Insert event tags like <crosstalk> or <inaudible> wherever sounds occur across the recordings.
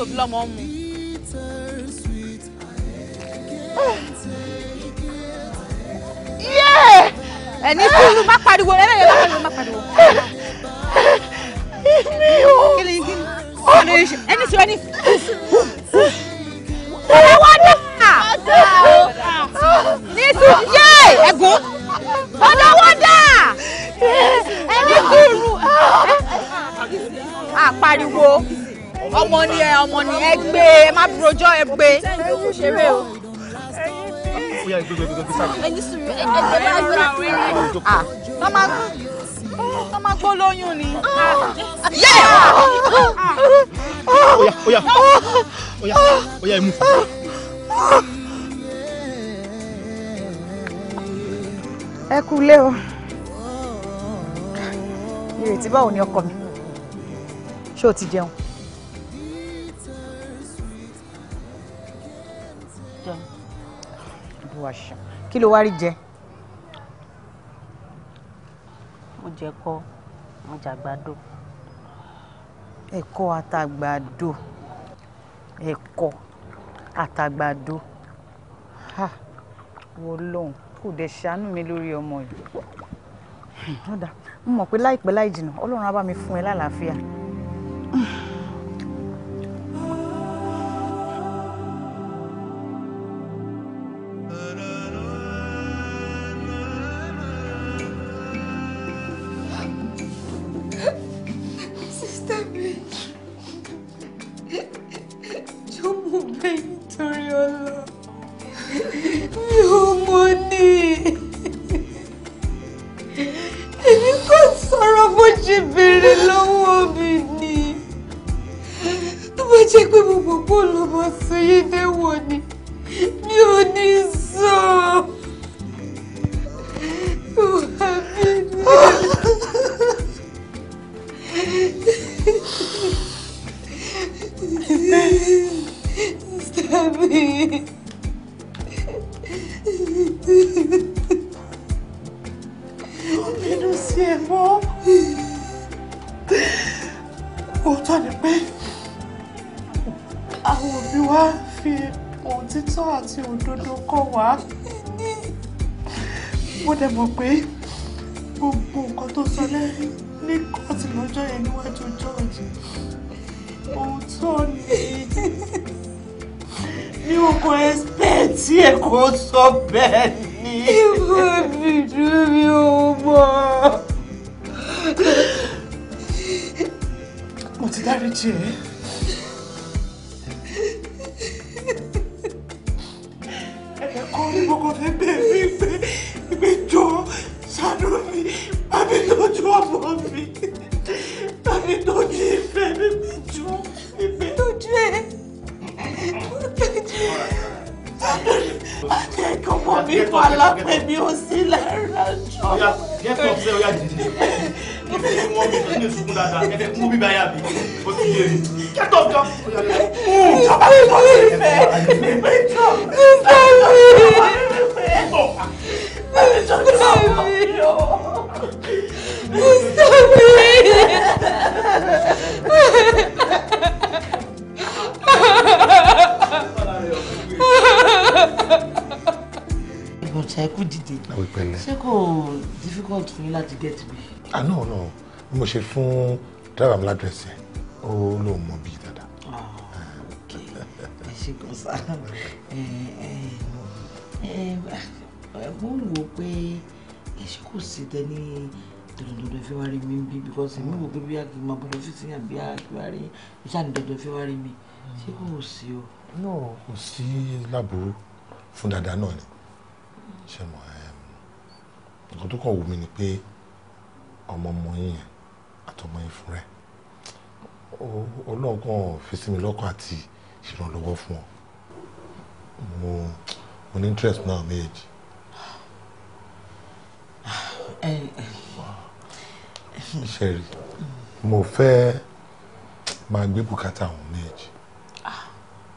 to bila on me. báwo ni ọkọ mi ṣé o ti jẹun. kí ló wá rí jẹ. mo jẹ kọ mo jàgbàdo. ẹ̀kọ́ àtàgbàdo ẹ̀kọ́ àtàgbàdo wọ́n lọ́hùn kò dẹ̀ ṣàánú mi lórí ọmọ yìí ọ̀dà mo mọ̀ pé láìpẹ́ láì jìnnà ọlọ́run á bá mi fún ẹ lálàáfíà. Stop it. Ó bínú sí ẹ mọ́. Òótọ́ ni pé àwọn òbí wa fi òtítọ́ àti òdodo kọ́ wa. Mo dẹ̀ mọ̀ pé gbogbo nǹkan tó sọ lẹ́yìn ní kóòtù lọ́jọ́ yẹn níwájú jọ́ọ̀jì. Ohun sorry mi ò kò expect tí ẹ kò sọ bẹ́ẹ̀ ni. ikú dìdú mi ò mọ̀. mo ti dáríjì ẹ́. mo ṣe fún driver mi ládírẹ́sì ó lóun mọ bíi dáadáa. Ah, ẹ ṣe kàn sá mo ń wò pé ẹ̀ṣẹ̀ kò sí tẹ́ni dandandandan fi wá rí mi bí because èmi wò pé bí a kì í máa bọ́dọ̀ fi sí àbí a kì í wá rí iṣẹ́ àdandan fi wá rí mi ṣé kò sí o. náà kò sí láàbùrú fún dáadáa náà ni ṣe mọ nǹkan tó kàn wù mí ni pé ọmọ ọmọ yín yẹn àtọmọ ìfún rẹ ọlọ́gàn fi sí mi lọ́kàn àti ìrànlọ́wọ́ fún ọ mo mo ní interest náà méjì. ṣẹ́rí mo fẹ́ máa gbé bùkátà àwọn méjì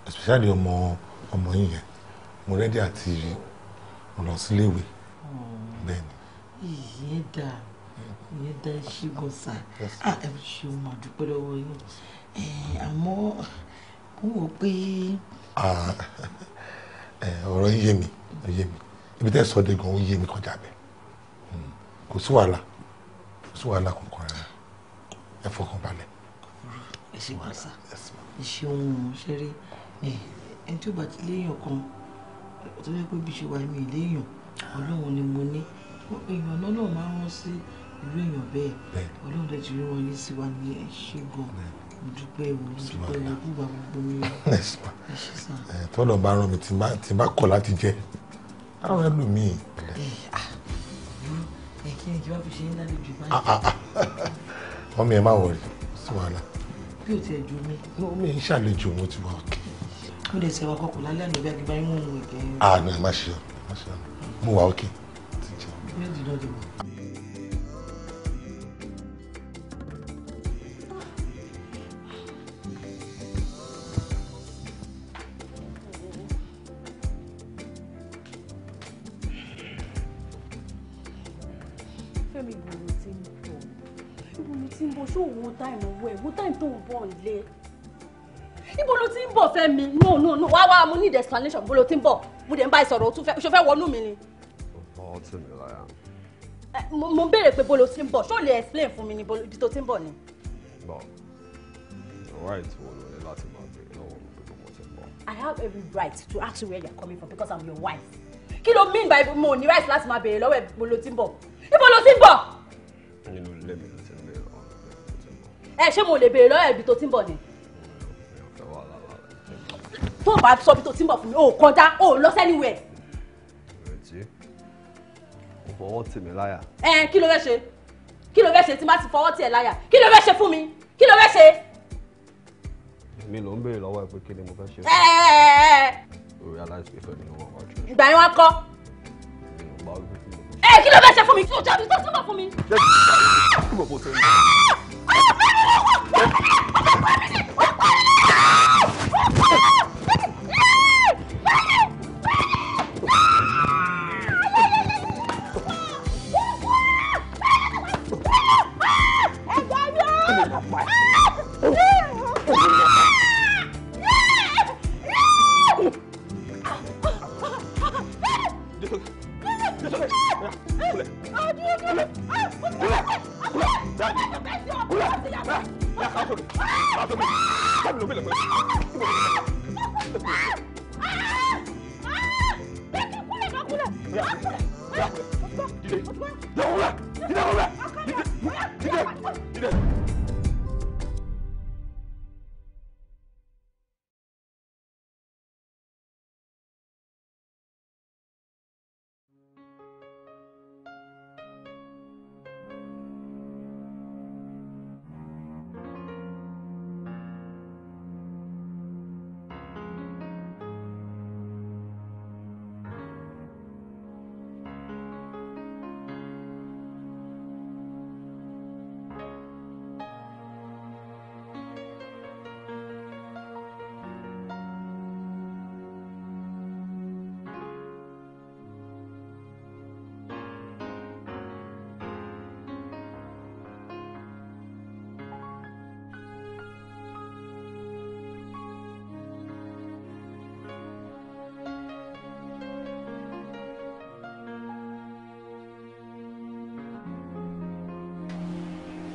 especially ọmọ ọmọ yìí yẹn mo rẹ́dí àti mo lọ síléèwé hmm. bẹ́ẹ̀ ni. ìyẹn dáa ìyẹn dá ṣe gan sa ah, ẹ ṣe o máa dúpẹ́ lọ́wọ́ yín àmọ́ mo wò pé. Ah, ọ̀rọ̀ ń yé mi yé mi ibi tẹ́ sọ de gan o yé mi kọjá bẹ́ẹ̀ hmm, kò sí wàhálà kò sí wàhálà kankan rẹ̀ ẹ fọkàn balẹ̀. ẹ ṣe wàá sá ẹ ṣe ohun ṣeré ẹni tí ó bá ti léèyàn kan tó yẹ pé bí ṣe wà mí léèyàn ọlọ́run ni mo ní èèyàn náà máa ń rán sí i irú èèyàn bẹ́ẹ̀ ọlọ́run dẹ̀ ti rí wọn yé sí wa ní ẹ̀ṣẹ́ gan mo dúpẹ́ o mo dúpẹ́ o kú wa gbogbo mi <laughs> ẹ ṣe sàn. tọ́lọ̀ bá rán mi tí n bá kọ̀ láti jẹ́ àwọn ẹlòmíì. ẹ kí ni kí wàá fi ṣe ń lálejò báyìí. wọ́n ah, ah, ah. mi ẹ má wọrí sí wàhálà. bí o tiẹ̀ ju mi. mi ń ṣàlejò mo ti wà òkè. mo dẹ̀ sẹ́wà kọkọ̀ lálẹ́ àná ìgbà gbígbá yín mú un ìgbẹ́ yín. àná má ṣe ọ má ṣe ọ mo wà òkè. méjì náà ti kúrò nílé níbo ló ti ń bọ̀ fẹ́ mi no no no wá wá mo need explanation níbo ló ti ń bọ̀ mo dẹ̀ ń bá ẹ sọ̀rọ̀ o ṣe fẹ́ wọnú mi ni. ọ̀pọ̀ tì mí láyà. mo béèrè pé bó ló ti ń bọ̀ ṣó lè explain fún mi níbo ibi tó ti ń bọ̀ ni. bọ right wo ló ní láti máa béèrè lọ́wọ́ mi pé mo ti ń bọ̀. I have every right to ask you where you are coming from because I'm your wife. kí ló mean by mo ní right láti máa béèrè lọ́wọ́ ẹ̀ bó ló ti ń bọ̀ níbo ló ti ń bọ̀. nínú ilé mi ẹ eh, ṣé mo lè béèrè lọ́wọ́ ẹ̀bí tó ti ń bọ̀ ni. tó o bá sọ bí tó ti ń bọ̀ fún mi o kọjá o lọ sẹ́niwẹ̀. ìrètí kò fọwọ́ tì mí láyà. ẹ eh, kí ló fẹ́ ṣe kí ló fẹ́ ṣe tí má ti fọwọ́ tì ẹ láyà kí ló fẹ́ ṣe fún mi kí ló fẹ́ ṣe. mi ló ń béèrè lọ́wọ́ ẹ pé kí ni mo fẹ́ ṣe. ẹ ẹ ẹ. o realize pé fẹ́mi ló wá jù. ìgbà yẹn wá kọ́. ẹ eh, kí ló fẹ́ ṣe fún mi kí ló jẹ́ mi tó túbọ̀ fún mi. ¡Otra vez!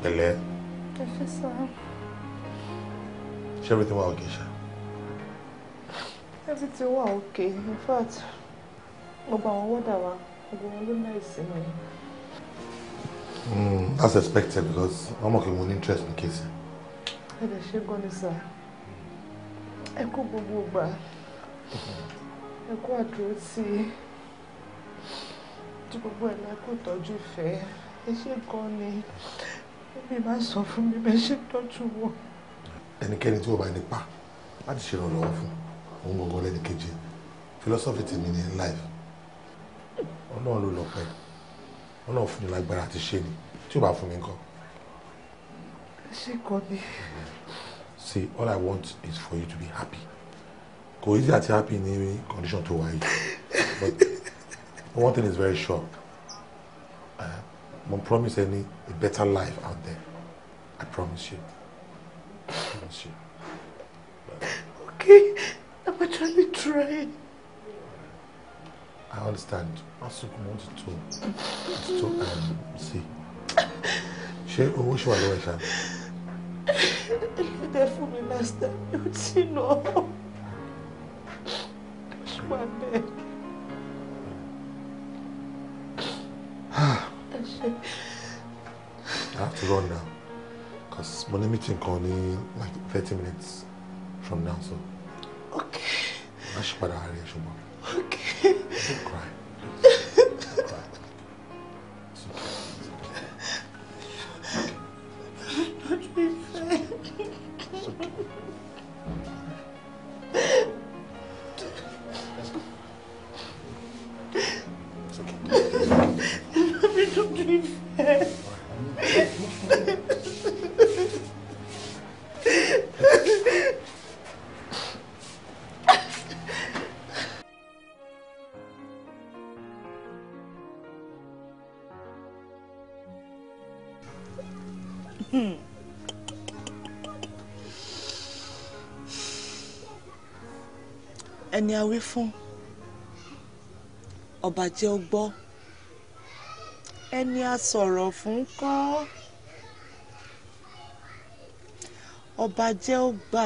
pẹ̀lẹ́. ṣé everything wà okay ṣá. everything wà okay in fact gbogbo àwọn wọ́dà wa gbogbo wọn ló ná ìsinmi. Hmm, that's expected because wọ́n mọ̀ pé mo ní interest ní kéésì. ẹ lè ṣe gan ni sir ẹ kú gbogbo ìgbà ẹ kú àdúró tí tí gbogbo ẹ̀ lẹ́kọ̀ọ́ tọ́jú ìfẹ́ ẹ ṣe gan ni bẹ́ẹ̀ bá sọ fún mi bẹ́ẹ̀ ṣe tọ́jú wọn. ẹnikẹ́ni tí wọ́n bá ní pa láti ṣe ìrànlọ́wọ́ fún òun gbọ́ngàn lẹ́nu kejì philosophy ti mi ní life ọlọ́run ló lọ pẹ́ ọlọ́run fún mi lágbára àti ṣe ni tí ò bá fún mi ńkọ́. ṣé kò ní. see all i want is for you to be happy kò easy àti happy ní condition tó wáyé but <laughs> one thing is very sure mo promise any a better life out there I promise you. I promise you. okay I'm actually trying. I understand. Asuku wanted to wants to um, see. Ṣé owó ṣe wà lọ́wọ́ ìṣá? Ẹlẹ́dẹ̀ fún mi last time, yóò tí nà ọ́. Ṣé bẹ́ẹ̀? <laughs> I have to run now because mo meeting kan ní like thirty minutes from now so. Okay. Má ṣe padà rẹ̀ ṣùgbọ́n. Okay. Don't cry. <laughs> ni a wí fún ọba jẹ́ ó gbọ́ ẹni a sọ̀rọ̀ fún kọ́ ọba jẹ́ ó gbà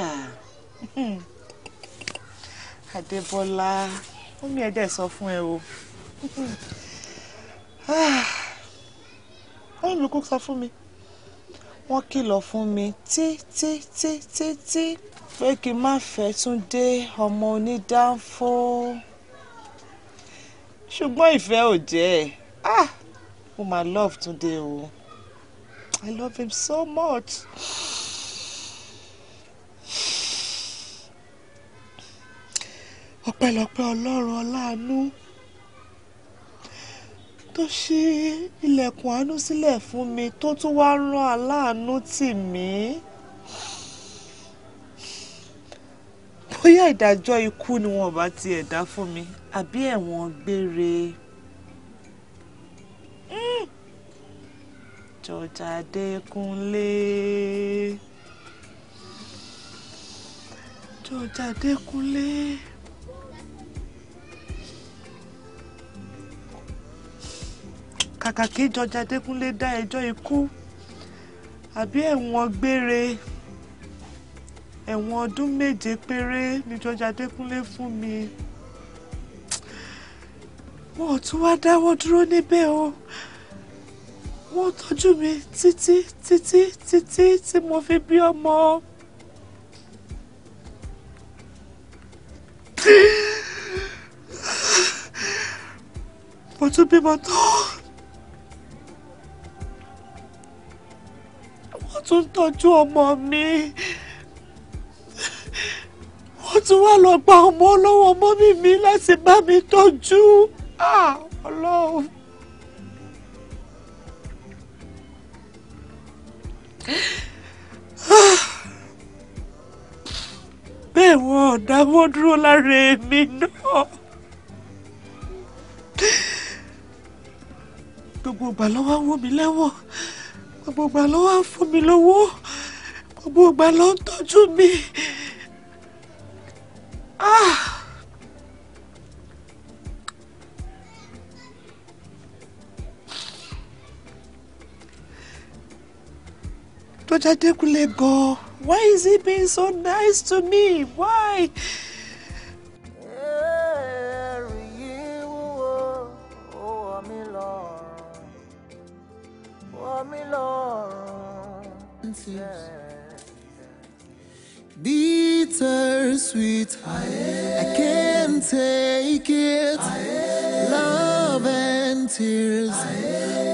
<laughs> Adébọ́lá ó mi ẹ̀dẹ̀ sọ fún ẹ o wọ́n <sighs> lùkú sọ fún mi wọ́n kìlọ̀ fún mi tí tí tí tí tí. tí pé kí n má fẹ́ Túndé ọmọ onídánfó ṣùgbọ́n ìfẹ́ ò jẹ́ ẹ̀ ah oh my love Túndé o I love him so much. ọpẹ́lọpẹ́ Ọlọ́run ọláàánú tó ṣí ilẹ̀kùn àánú sílẹ̀ fún mi tó tún wá rán aláàánú tì mí. bóyá ìdájọ́ ikú ni wọn bá ti ẹ̀dá fún mi àbí ẹ̀wọ̀n gbére. Hmm. George Adékúnlé George Adékúnlé. kàkà kí George Adékúnlé dá ẹjọ́ ikú àbí ẹ̀wọ̀n gbére ẹ̀wọ̀n ọdún méje péré ni George Adékúnlé fún mi wọn ò tún wá dáwọ́ dúró níbẹ̀ o wọ́n tọ́jú mi títí títí títí tí mo fi bí ọmọ. mo tún bímọ tán wọ́n tún tọ́jú ọmọ mi ó tún wá lọ gba ọmọ lọ́wọ́ mọ́mí mi láti bá mi tọ́jú ah, ọlọ́run. bẹ́ẹ̀ wọn ò dáwọ́ dúró lára èmi náà. gbogbo ìgbà ló wá wọ́n mi lẹ́wọ̀n gbogbo ìgbà ló wá fún mi lówó gbogbo ìgbà ló ń tọ́jú mi. Dr. Dekule go. Why is he being so nice to me? Why? Thank Bitter sweet, I can't take it. Love and tears,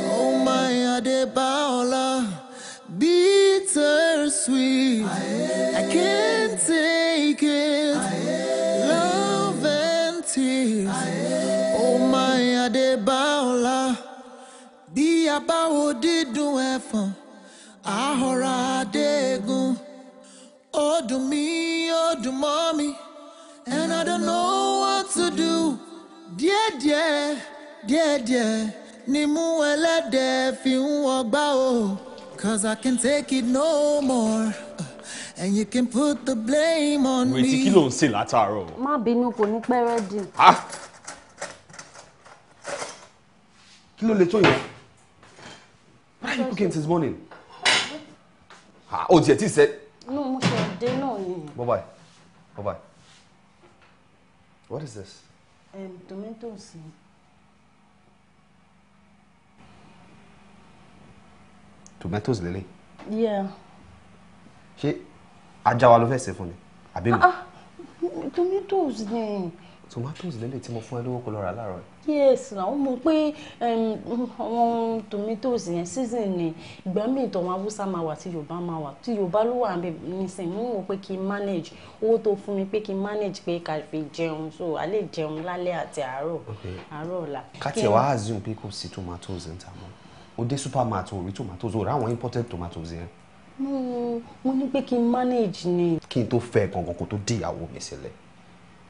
oh my Adebaola. Bitter sweet, I can't take it. Love and tears, oh my Adebaola. Bí a bá wo dídùn ẹ̀fọn, àhọ̀rọ̀ adégun. Oh, do me, oh, do mommy. And I don't know what to do. dear, dear, dear, dear. ni mú de fi ń Cause I can take it no more. And you can put the blame on me. Wait, kí ló ń sè látàárọ̀? Má ni kò di. pẹ́ Kilo ah! Kí ló lè Why you cooking since morning? Ah, oh, dear, this said. No, mo dé náà ni. bye-bye bye-bye what is this. Um, tomatoes tomatoes lele. yeah. ṣé ajá wa ló fẹ́ ṣe fún mi àbí mi. Ah, ah, tomatoes ni tomatoes lélẹ̀ tí mo fún ẹ lówó kó lọ rà yes na ó mọ̀ pé àwọn tomatoes yẹn season ni ìgbà míì tọ̀wọ́n haúsá máa wà tí yorùbá máa wà tí yorùbá ló wà níbẹ̀ nísìnyí mo mọ̀ pé kí manage owó tó fún mi pé kí manage pé ká fi jẹun so a lè jẹun lálẹ́ àti àárọ̀ àárọ̀ ọ̀la. ká tiẹ̀ wá assume pé kò sí tomatoes ń ta mọ́ o dé supermarket o rí tomatoes o rà àwọn imported tomatoes yẹn. mo ní pé kí n manage ni. kí n tó fẹ́ gangan kó tó dé ìyàwó mi sílẹ̀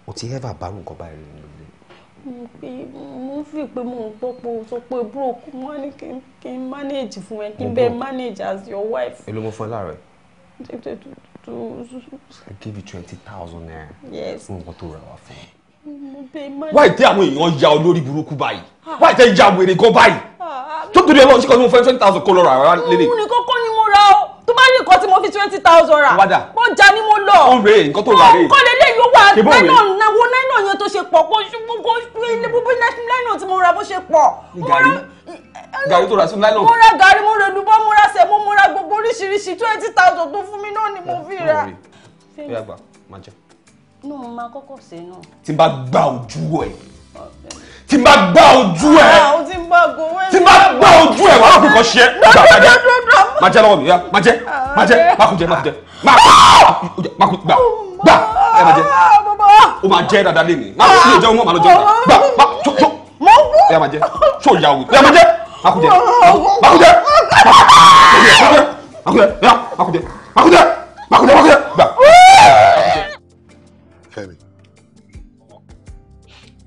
o ti ever bá nǹkan báyìí rí nínú ilé. mo fi mo fi pé mo ń gbọ́ pé o sọ pé broke mo ní kí n manage fún ẹ kí n bẹ manage as your wife. èló mo fún ẹ láàárọ̀ ẹ. I give you twenty thousand naira. yes fún nǹkan tó rà wá fún ẹ wáyé tẹ àwọn èèyàn ya olórí burúkú báyìí ah. wáyé tẹ ya wèrè gan báyìí ah, tó torí Ọlọ́run sí kan tí mo fẹ́ twenty thousand kó lọ rà rárá ah, lélẹ̀. òun nìkan kọ́ ni bá rí nǹkan tí mo fi twenty thousand rà mo jà ni mo lọ ó rèé nǹkan tó rà rèé nǹkan lè léyìn owó àgbẹ̀nà náwó náírà yẹn tó ṣe pọ̀ kó gbogbo náírà tí mo ra bó ṣe pọ̀ gàrí tó ra sí nylon. mo ra gàrí mo ra dùbọ́ mo ra sẹ̀mó mo ra gbogbo oríṣiríṣi twenty thousand tó fún mi náà ni mo fi ra. ó yá gbà máa jẹ. inú mo máa kọ́kọ́ ṣe náà. tí n bá gba ojú ẹ̀ tí n bá gbá ojú ẹ tí n bá gbá ojú ẹ wàá fi kàn ṣe gbà bàjẹ́ má jẹ́ lọ́wọ́ mi yá má jẹ́ má jẹ́ má kú jẹ́ má kú jẹ́ má kú jẹ́ má kú gbà gbà ẹ má jẹ́ o má jẹ́ dada lé mi má kú sí ìjẹun mọ́ má lọ jẹun gbà má tó tó ẹ má jẹ́ tó yà wò ẹ má jẹ́ má kú jẹ́ má kú jẹ́ má kú jẹ́ má kú jẹ́ má kú jẹ́ má kú jẹ́ má kú jẹ́ má kú jẹ́ gbà. Fẹ́mi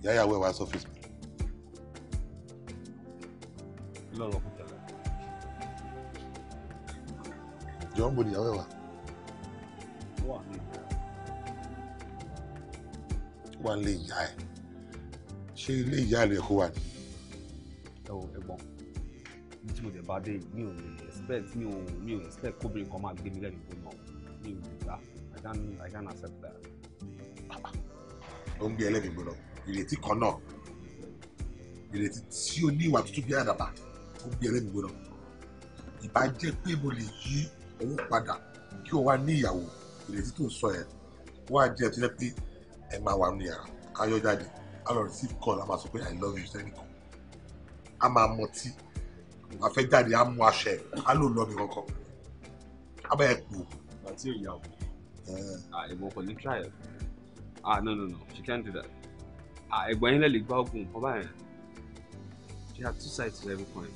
ìyáyàwó ẹ̀ wá sọ́fíìsì mi. lọ́rọ̀ kúta. jọ ń bo ìyàwó ẹ̀ wá. wà ní ìyá ẹ̀ ṣé ilé ìyá rẹ̀ kó wà ní. ẹ wo ẹ̀gbọ́n bí tí mo dẹ̀ bá dé mi ò expect mi ò mi ò expect kóbìnrin kan máa gbé mi lẹ́nu ìbò náà mi ò gbà I can't I can't accept that. ó ń gbé ẹlẹ́mìí gbọ́dọ̀ ìrètí kan náà ìrètí tí ó ní ìwà tuntun bí àdàbà ó bí ẹlẹ́mi gbóná ìbá jẹ́ pé mo lè yí owó padà kí o wá ní ìyàwó ìrètí tó ń sọ yẹn wọ́n á jẹ́ tó jẹ́ pé ẹ máa wà nínú yàrá ká yọ jáde á lọ receive call á máa sọ pé i love you sẹ́nìkan á máa mọtí wà fẹ́ jáde á mú aṣọ ẹ̀ á lò lọ́ọ̀mì kankan á bá yẹ kú. àti ìyàwó ah, ìwọ kò ní try it ah no no no she can't do that. Ah, ẹ̀gbọ́n yín lè lè gba oògùn nǹkan báyẹn there are two sides to every coin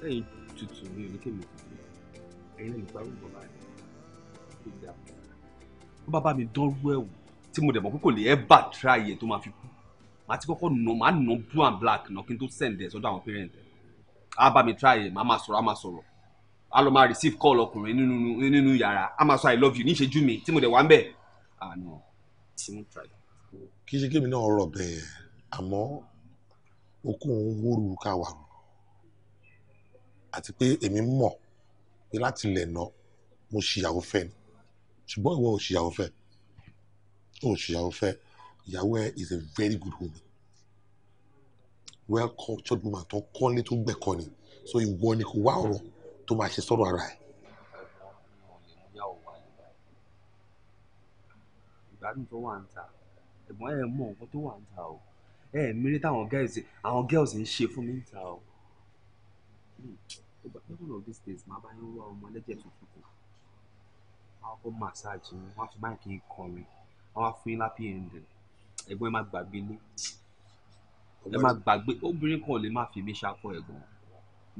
lẹ́yìn tutù ní oníkèmí tutù ẹ̀yin lè lè gba oògùn nǹkan báyẹn kí ni dáàbò wọn bá bá mi dánrú ẹ̀ wò tí mo dẹ̀ mọ̀ pé kò lè ẹ́ bà tíra yẹ tó máa fi kú màá ti kọ́kọ́ nà màá nà blue and black nà kí n tó send ẹ̀ sọ́dọ̀ àwọn parent ẹ̀ á bá mi tíra yẹ màá máa sọ̀rọ̀ á máa sọ̀rọ̀ á lọ máa receive call ọkùnrin nínú nínú yàrá á máa sọ i love you ní ìṣẹ́jú mi tí mo dẹ̀ wá ń bẹ̀ ah no tí mo try kì í ṣe kémi náà rọ̀ bẹ́ẹ̀ àmọ́ okùn ń wóru káwàrú àti pé èmi mọ̀ pé láti ilẹ̀ náà mo ṣìyàwó fẹ́ ni ṣùgbọ́n ìwọ ò ṣìyàwó fẹ́ ò ṣìyàwó fẹ́ ìyàwó ẹ is a very good woman well cultured woman tó kọ́lé tó gbẹ̀kọ́ ni so ìwọ ni kò wá ọ̀rọ̀ tó máa ṣe sọ́dọ̀ ara ẹ̀. ìgbádùn tó wà ń ta ẹ̀gbọ́n ẹ̀ mọ nǹkan tó wà ń ta o ẹ̀ mìíràn táwọn girls àwọn girls ń ṣe fún mi ń ta o. Hmm, ó bá one of these days máa bá yín wá ọmọ ẹlẹ́jẹ̀ tuntun kù àwọn kò massage ni wọ́n á fi báyìí kì í kọrin wọ́n á fún yín lápí ẹ̀ǹdẹ̀ ẹ̀gbọ́n ẹ má gbàgbé lé ẹ má gbàgbé obìnrin kan lè má fi mí ṣakọ ẹ̀gbọ́n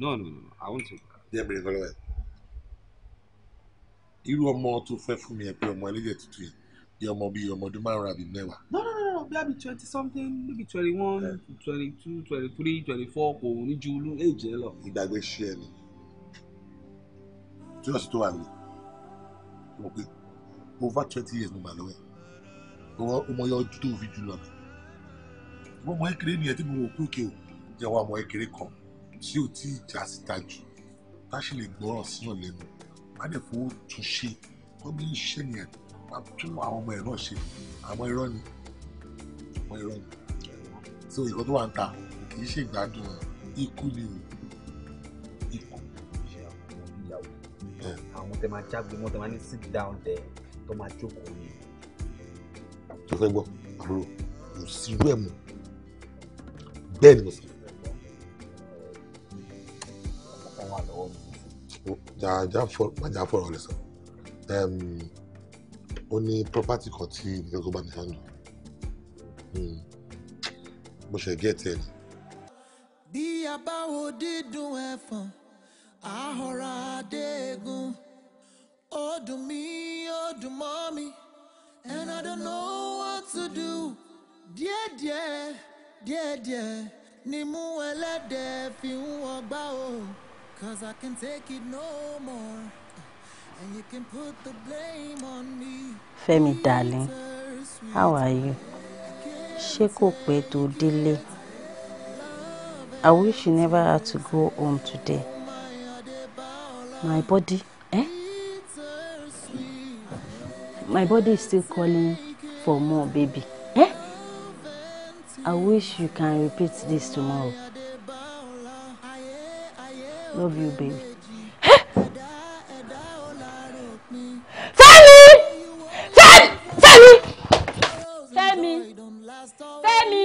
no no no I want to. díẹ̀ bèrè kọ́lọ́ ẹ̀ irú ọmọ tó fẹ́ fún mi ẹ pé ọmọ ẹlẹ́jẹ̀ tuntun yẹn yẹ ọmọ bíi ọmọdún márùn-ún àbí mẹ́wàá. no no no no bí abi twenty something maybe twenty one twenty two twenty three twenty four kò ní ju olú èjì lọ. ìgbàgbé ṣe ẹ ni tí wọ́n sì tó wà ní mo pé over twenty years mo mà lọ́wọ́ ẹ̀ ọmọ yọ ojú tó fi jù lọ mi wọ́n mọ ẹ̀kẹ́rẹ́ nìyẹn tí mo wò pé òkè o jẹ́ wọ́n mọ ẹ̀kẹ́rẹ́ kan tí ò tí ì já síta jù tá a ṣe lè gbọ́ràn síyàn lẹ́nu má dẹ̀ fowó tún ṣe kọ́ bí iṣẹ́ nìyẹn máa tún àwọn ọmọ ẹ̀ náà ṣe àmọ́ irọ́ ni àmọ́ irọ́ ni so ìwọ tó wà ń ta kì í ṣe ìgbádùn ikú ni o ikú. àwọn tẹ máa jágbe mọ́ tẹ máa ní sit down there tó máa jókòó ni. tó fẹ́ gbọ́ àbúrò kò sí irú ẹ̀ mọ́ bẹ́ẹ̀ ni mo sọ. jàjà fọ̀rọ̀ lè sọ ó ní property kan tí nìkan tó bá mi handle mo ṣe get ẹ bí a bá wo dídùn ẹ̀fọn àhọ́ra adéègùn ó dùn mí ó dùn mọ́ mi and I don't know what to do díẹ̀díẹ̀ díẹ̀díẹ̀ ni mú ẹlẹ́dẹ̀ẹ́ fi ń wọgbà o cause I can't take it no more. Femi darling, how are you? Ṣé kò pẹ́ tó délé? I wish you never had to go home today. My body, eh? My body is still calling for more, baby. Eh? I wish you can repeat this tomorrow. Love you, baby. fẹ́mi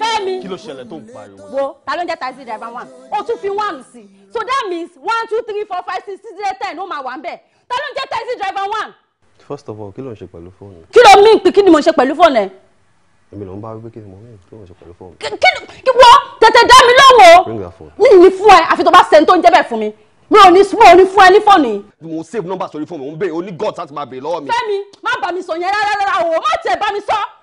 fẹ́mi. kí ló ṣẹlẹ̀ tó ń pariwo. wo ta ló ń jẹ́ taxi driver one o tún fi one sí so that means one two three four five six six eight ten ó máa wà ń bẹ̀ ta ló ń jẹ́ taxi driver one. first of all kí ló ń ṣe pẹ̀lú fóònù. kí ló mí kí ni mo ń ṣe pẹ̀lú fóònù ẹ̀. èmi ló ń bá wípé kí ni mo mí kí ló ń ṣe pẹ̀lú fóònù. kí wọ́n tètè dá mi lóhùn mi ní fún ẹ àfi tó bá sẹ́ni tó ń jẹ́ bẹ́ẹ̀ fún mi mi ò ní mo ní fún ẹ ní fóònù yìí. mo save number sórí fóònù mo ń béèrè o ní god láti máa béèrè lọ́wọ́ mi. fẹ́mi má bá mi sọ yẹn rárá rárá o má tiẹ̀ bá mi sọ.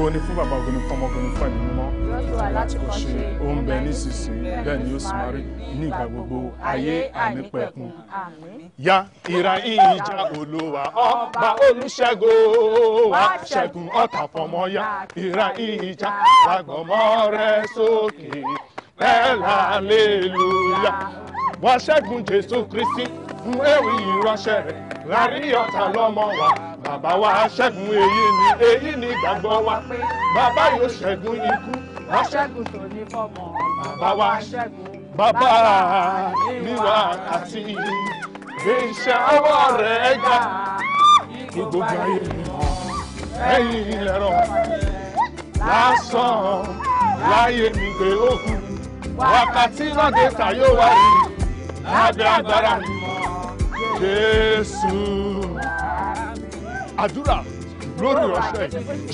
ògo ni fún bàbá ògo ni fún ọmọ ògo ni fún ẹ̀mí mímọ́ láti kọ́ ṣe ó bẹ nísinsìnyí bẹ́ẹ̀ ni ó sì máa rí ní ìgbà gbogbo ayé ànípẹ̀kun. ya ìra ìjà olúwa ọba olùṣègùn wa ṣẹ́gun ọ̀tá fọmọ ya ìra ìjà lágbọ̀mọ́ rẹ̀ sókè well hallelujah wá ṣẹ́gun jésù kristi fún ewì ìránṣẹ́ rẹ̀ láàrin ọ̀tá lọ́mọ wa bàbá wa ṣẹ́gun èyí ni èyí ni ìgbàgbọ́ wa pé bàbá yóò ṣẹ́gun ikú wá ṣẹ́gun tó ní fọ́mọ bàbá wa ṣẹ́gun bàbá níwà àti ìṣàwọ̀ rẹ̀ ga gbogbo ayé mi ẹ̀yìn ilẹ̀ rọ̀ lásán láyé mi gbé òkú wákàtí lọ́dẹ sàyó wá rí lábẹ́ agbára Jésù àdúrà. Glory of yìí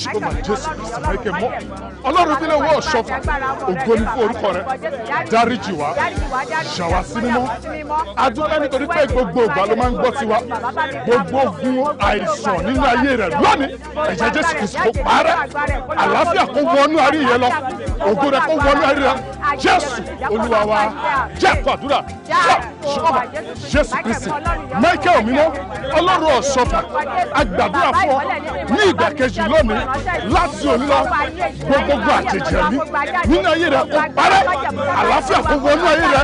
ṣùgbọ́n jésù kristi mẹ́kẹ̀ mọ́ ọlọ́run tí lè wọ́ ọ̀ṣọ́fà ògo ni fún orúkọ rẹ dáríjì wá ṣàwá sí mímọ́ adúpẹ́ nítorí pé gbogbo ìgbà ló máa ń gbọ́ tiwa gbogbo ogun àìsàn nínú ayé rẹ lónìí ẹ̀jẹ̀ jésù kristi kò parẹ́ àlàáfíà kò wọnú àrí yẹn lọ ògo rẹ kò wọnú àrí rẹ jésù olúwa wa jẹ́ ẹ̀kọ́ àdúrà ṣọ́ọ̀bà jésù kristi mẹ́kẹ́ òmìnira ọlọ́run ní ìgbà kejì lónìí láti òní lọ gbogbogbò àjèjì ẹ̀mí nínú ayé rẹ kò parẹ́ àlàáfíà kò wọnú ayé rẹ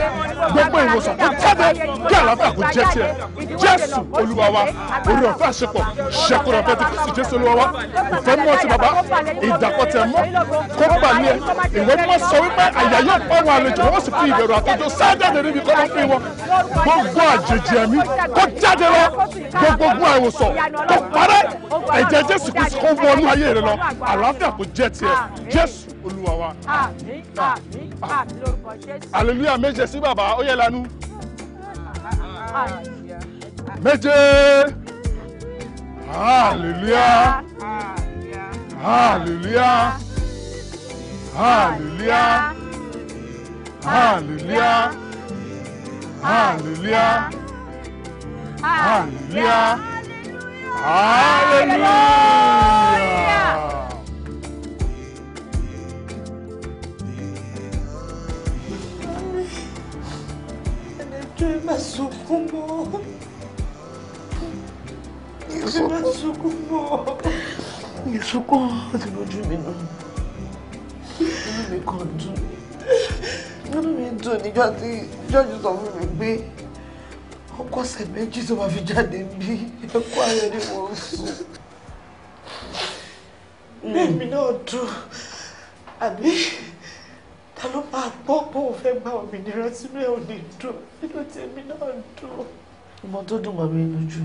gbogbo ìwòsàn kò jáde kí àlàáfíà kò jẹ́ tiẹ̀ jésù olúwa wa orí ọ̀fẹ́ àṣepọ̀ ṣẹkọrọ ọ̀fẹ́ tó kìsì jésù olúwa wa ìfẹ́ mọ́ ti bàbá ìdàkọtẹ mọ́ kó bà ní ẹ ìwé mọ́ sọ wípé àyà yóò pọ̀ wọn àlejò wọ́n sì fi ìbẹ̀rù àtọ́jú sáájáde níbi kọ́ ló jésù kristu kó wọnú ayé rẹ lọ àlàáfíà kò jẹ́ tiẹ̀ jésù olúwa wa. Ah. hallelujah méje sí bàbá ó lanu. méje hallelujah hallelujah hallelujah hallelujah hallelujah hallelujah. ¡Aleluya! Estoy más sucumo. Estoy más Mi sucumo ti lójú mi nù. Inú mi kàn dùn. Inú mi dùn nígbà tí George mi pé ọkọ ọ̀sẹ̀ méjì tó máa fi jáde bí ẹkọ ayọ̀ ni mo sùn bẹ́ẹ̀mi náà dùn àbí ta ló máa gbọ́ pé òun fẹ́ gba òmìnira sínú ẹ̀ ò ní dùn nínú tèmi náà dùn. ọmọ tó dùn mọ́ mi lójú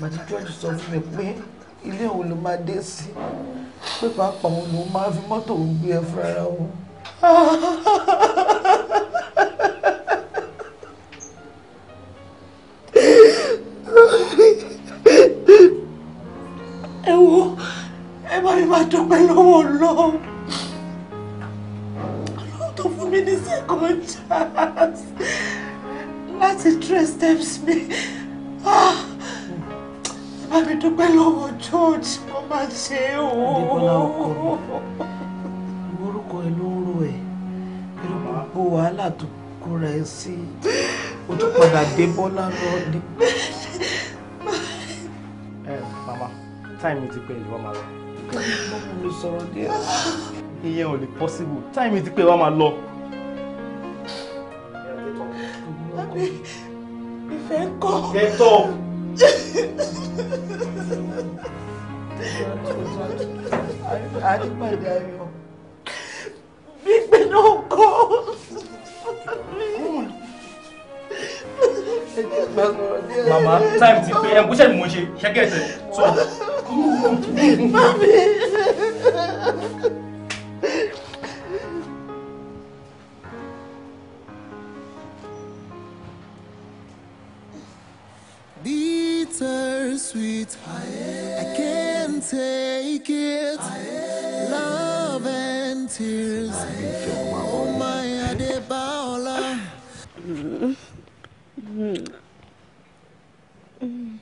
màtí george sọ fún mi pé ilé òun ló máa dé sí pé pàápàá òun lòun máa fi mọ́tò òun gbé ẹ fúnra wọn. <laughs> ẹ wo ẹ bá mi máa dúpẹ́ lọ́wọ́ ọlọ́run ọlọ́run tó fún mi ní second chance láti three steps mi ah, ẹ bá mi dúpẹ́ lọ́wọ́ George mo máa ṣe o. orúkọ ẹ ló ń ro ẹ irú gbogbo wàhálà tó kóra ẹ sí o tún padà dé bọ́lá lọ time ti pẹ́ ìwà máa lọ. bọ́ọ̀mù ló sọ̀rọ̀ díẹ̀. ìyẹn ò lè possible time ti pẹ́ ìwà máa lọ. àbí ìfẹ́ ń kọ́. get up. àdìpàdé ayọ̀ gbígbé náà kọ́. Mama, I can't take it. Love and tears, oh my Adebaola. Mm. Mm.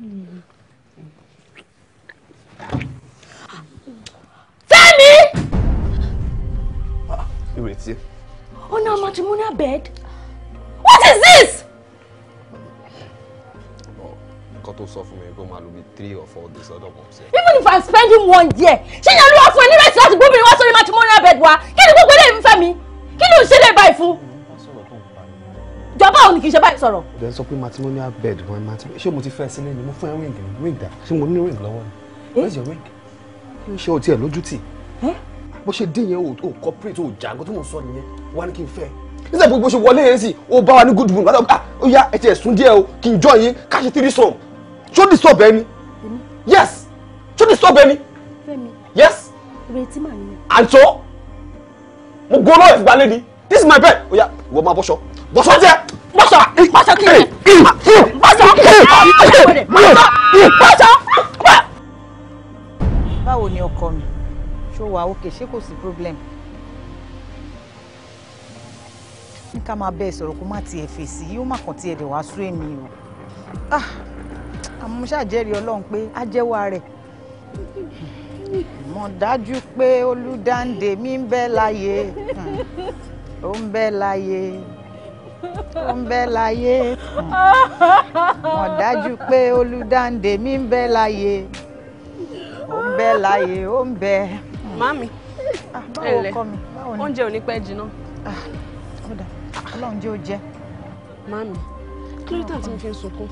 Mm. Fẹ́mi! Ìrètí. On oh, matrimonial bed? What is this? Nǹkan tó sọ fún mi kó máa three or four days ọdọ̀ kan Even if I spend him one year, she ìyẹn ló wà fún ẹ ní rẹ̀ matrimonial bed wa kí ni gbogbo eléyìí ń fẹ́ mi kí ló ń ṣe lè báyìí fún. jọba òní kì í ṣe báyìí sọ̀rọ̀. ìdẹ́ sọ pé matrimonial bed wọn matrimonial ṣé mo ti fẹ́ sílẹ̀ ni mo fún ẹ ring ni ring dà ṣé mo ní ring lọ́wọ́ ni eh? where's your ring kí n ṣe o tiẹ̀ lójú tì eh? bó ṣe dín yẹn o corporate o jàǹgó tó mò ń sọ nìyẹn wá ní kí n fẹ́ nígbà gbogbo ṣe wọlé yẹn sì o bá wa ní good mood wàtá ah ó yá ẹ ti ẹ̀sùn díẹ̀ o kì í jọ yín ká ṣe three sum ṣó disturb ẹni yes ṣó disturb ẹni retí màá yẹn. and so mo go lọ́wọ́ ìfúgbà lẹ́ni this is my bed oya ìwọ máa bọ́ṣọ bọ́ṣọ jẹ bọ́ṣọ bọ́ṣọ kí ni bọ́ṣọ bọ́ṣọ bọ́ṣọ. báwo ni ọkọ mi ṣó wà òkè ṣé kò sí problem ní ká máa bẹ́ẹ̀ sọ̀rọ̀ kó má tiẹ̀ fèsì yóò má kàn tiẹ̀ dẹ̀ wá sú èmi o ah, àmọ́ ṣàjẹ́rìí ọlọ́run pé á jẹ́wọ́ rẹ̀ mọ̀ dájú pé olùdáǹdè mi ń bẹ láyé ó ń bẹ láyé ó ń bẹ láyé mọ̀ dájú pé olùdáǹdè mi ń bẹ láyé ó ń bẹ láyé ó ń bẹ. mami ah, ẹlẹ oúnjẹ ò ní pẹ́ jiná. Ah, ọlọ́run jẹ́ ó jẹ́. mami kí ló tàn tí mo fi ń sunkún.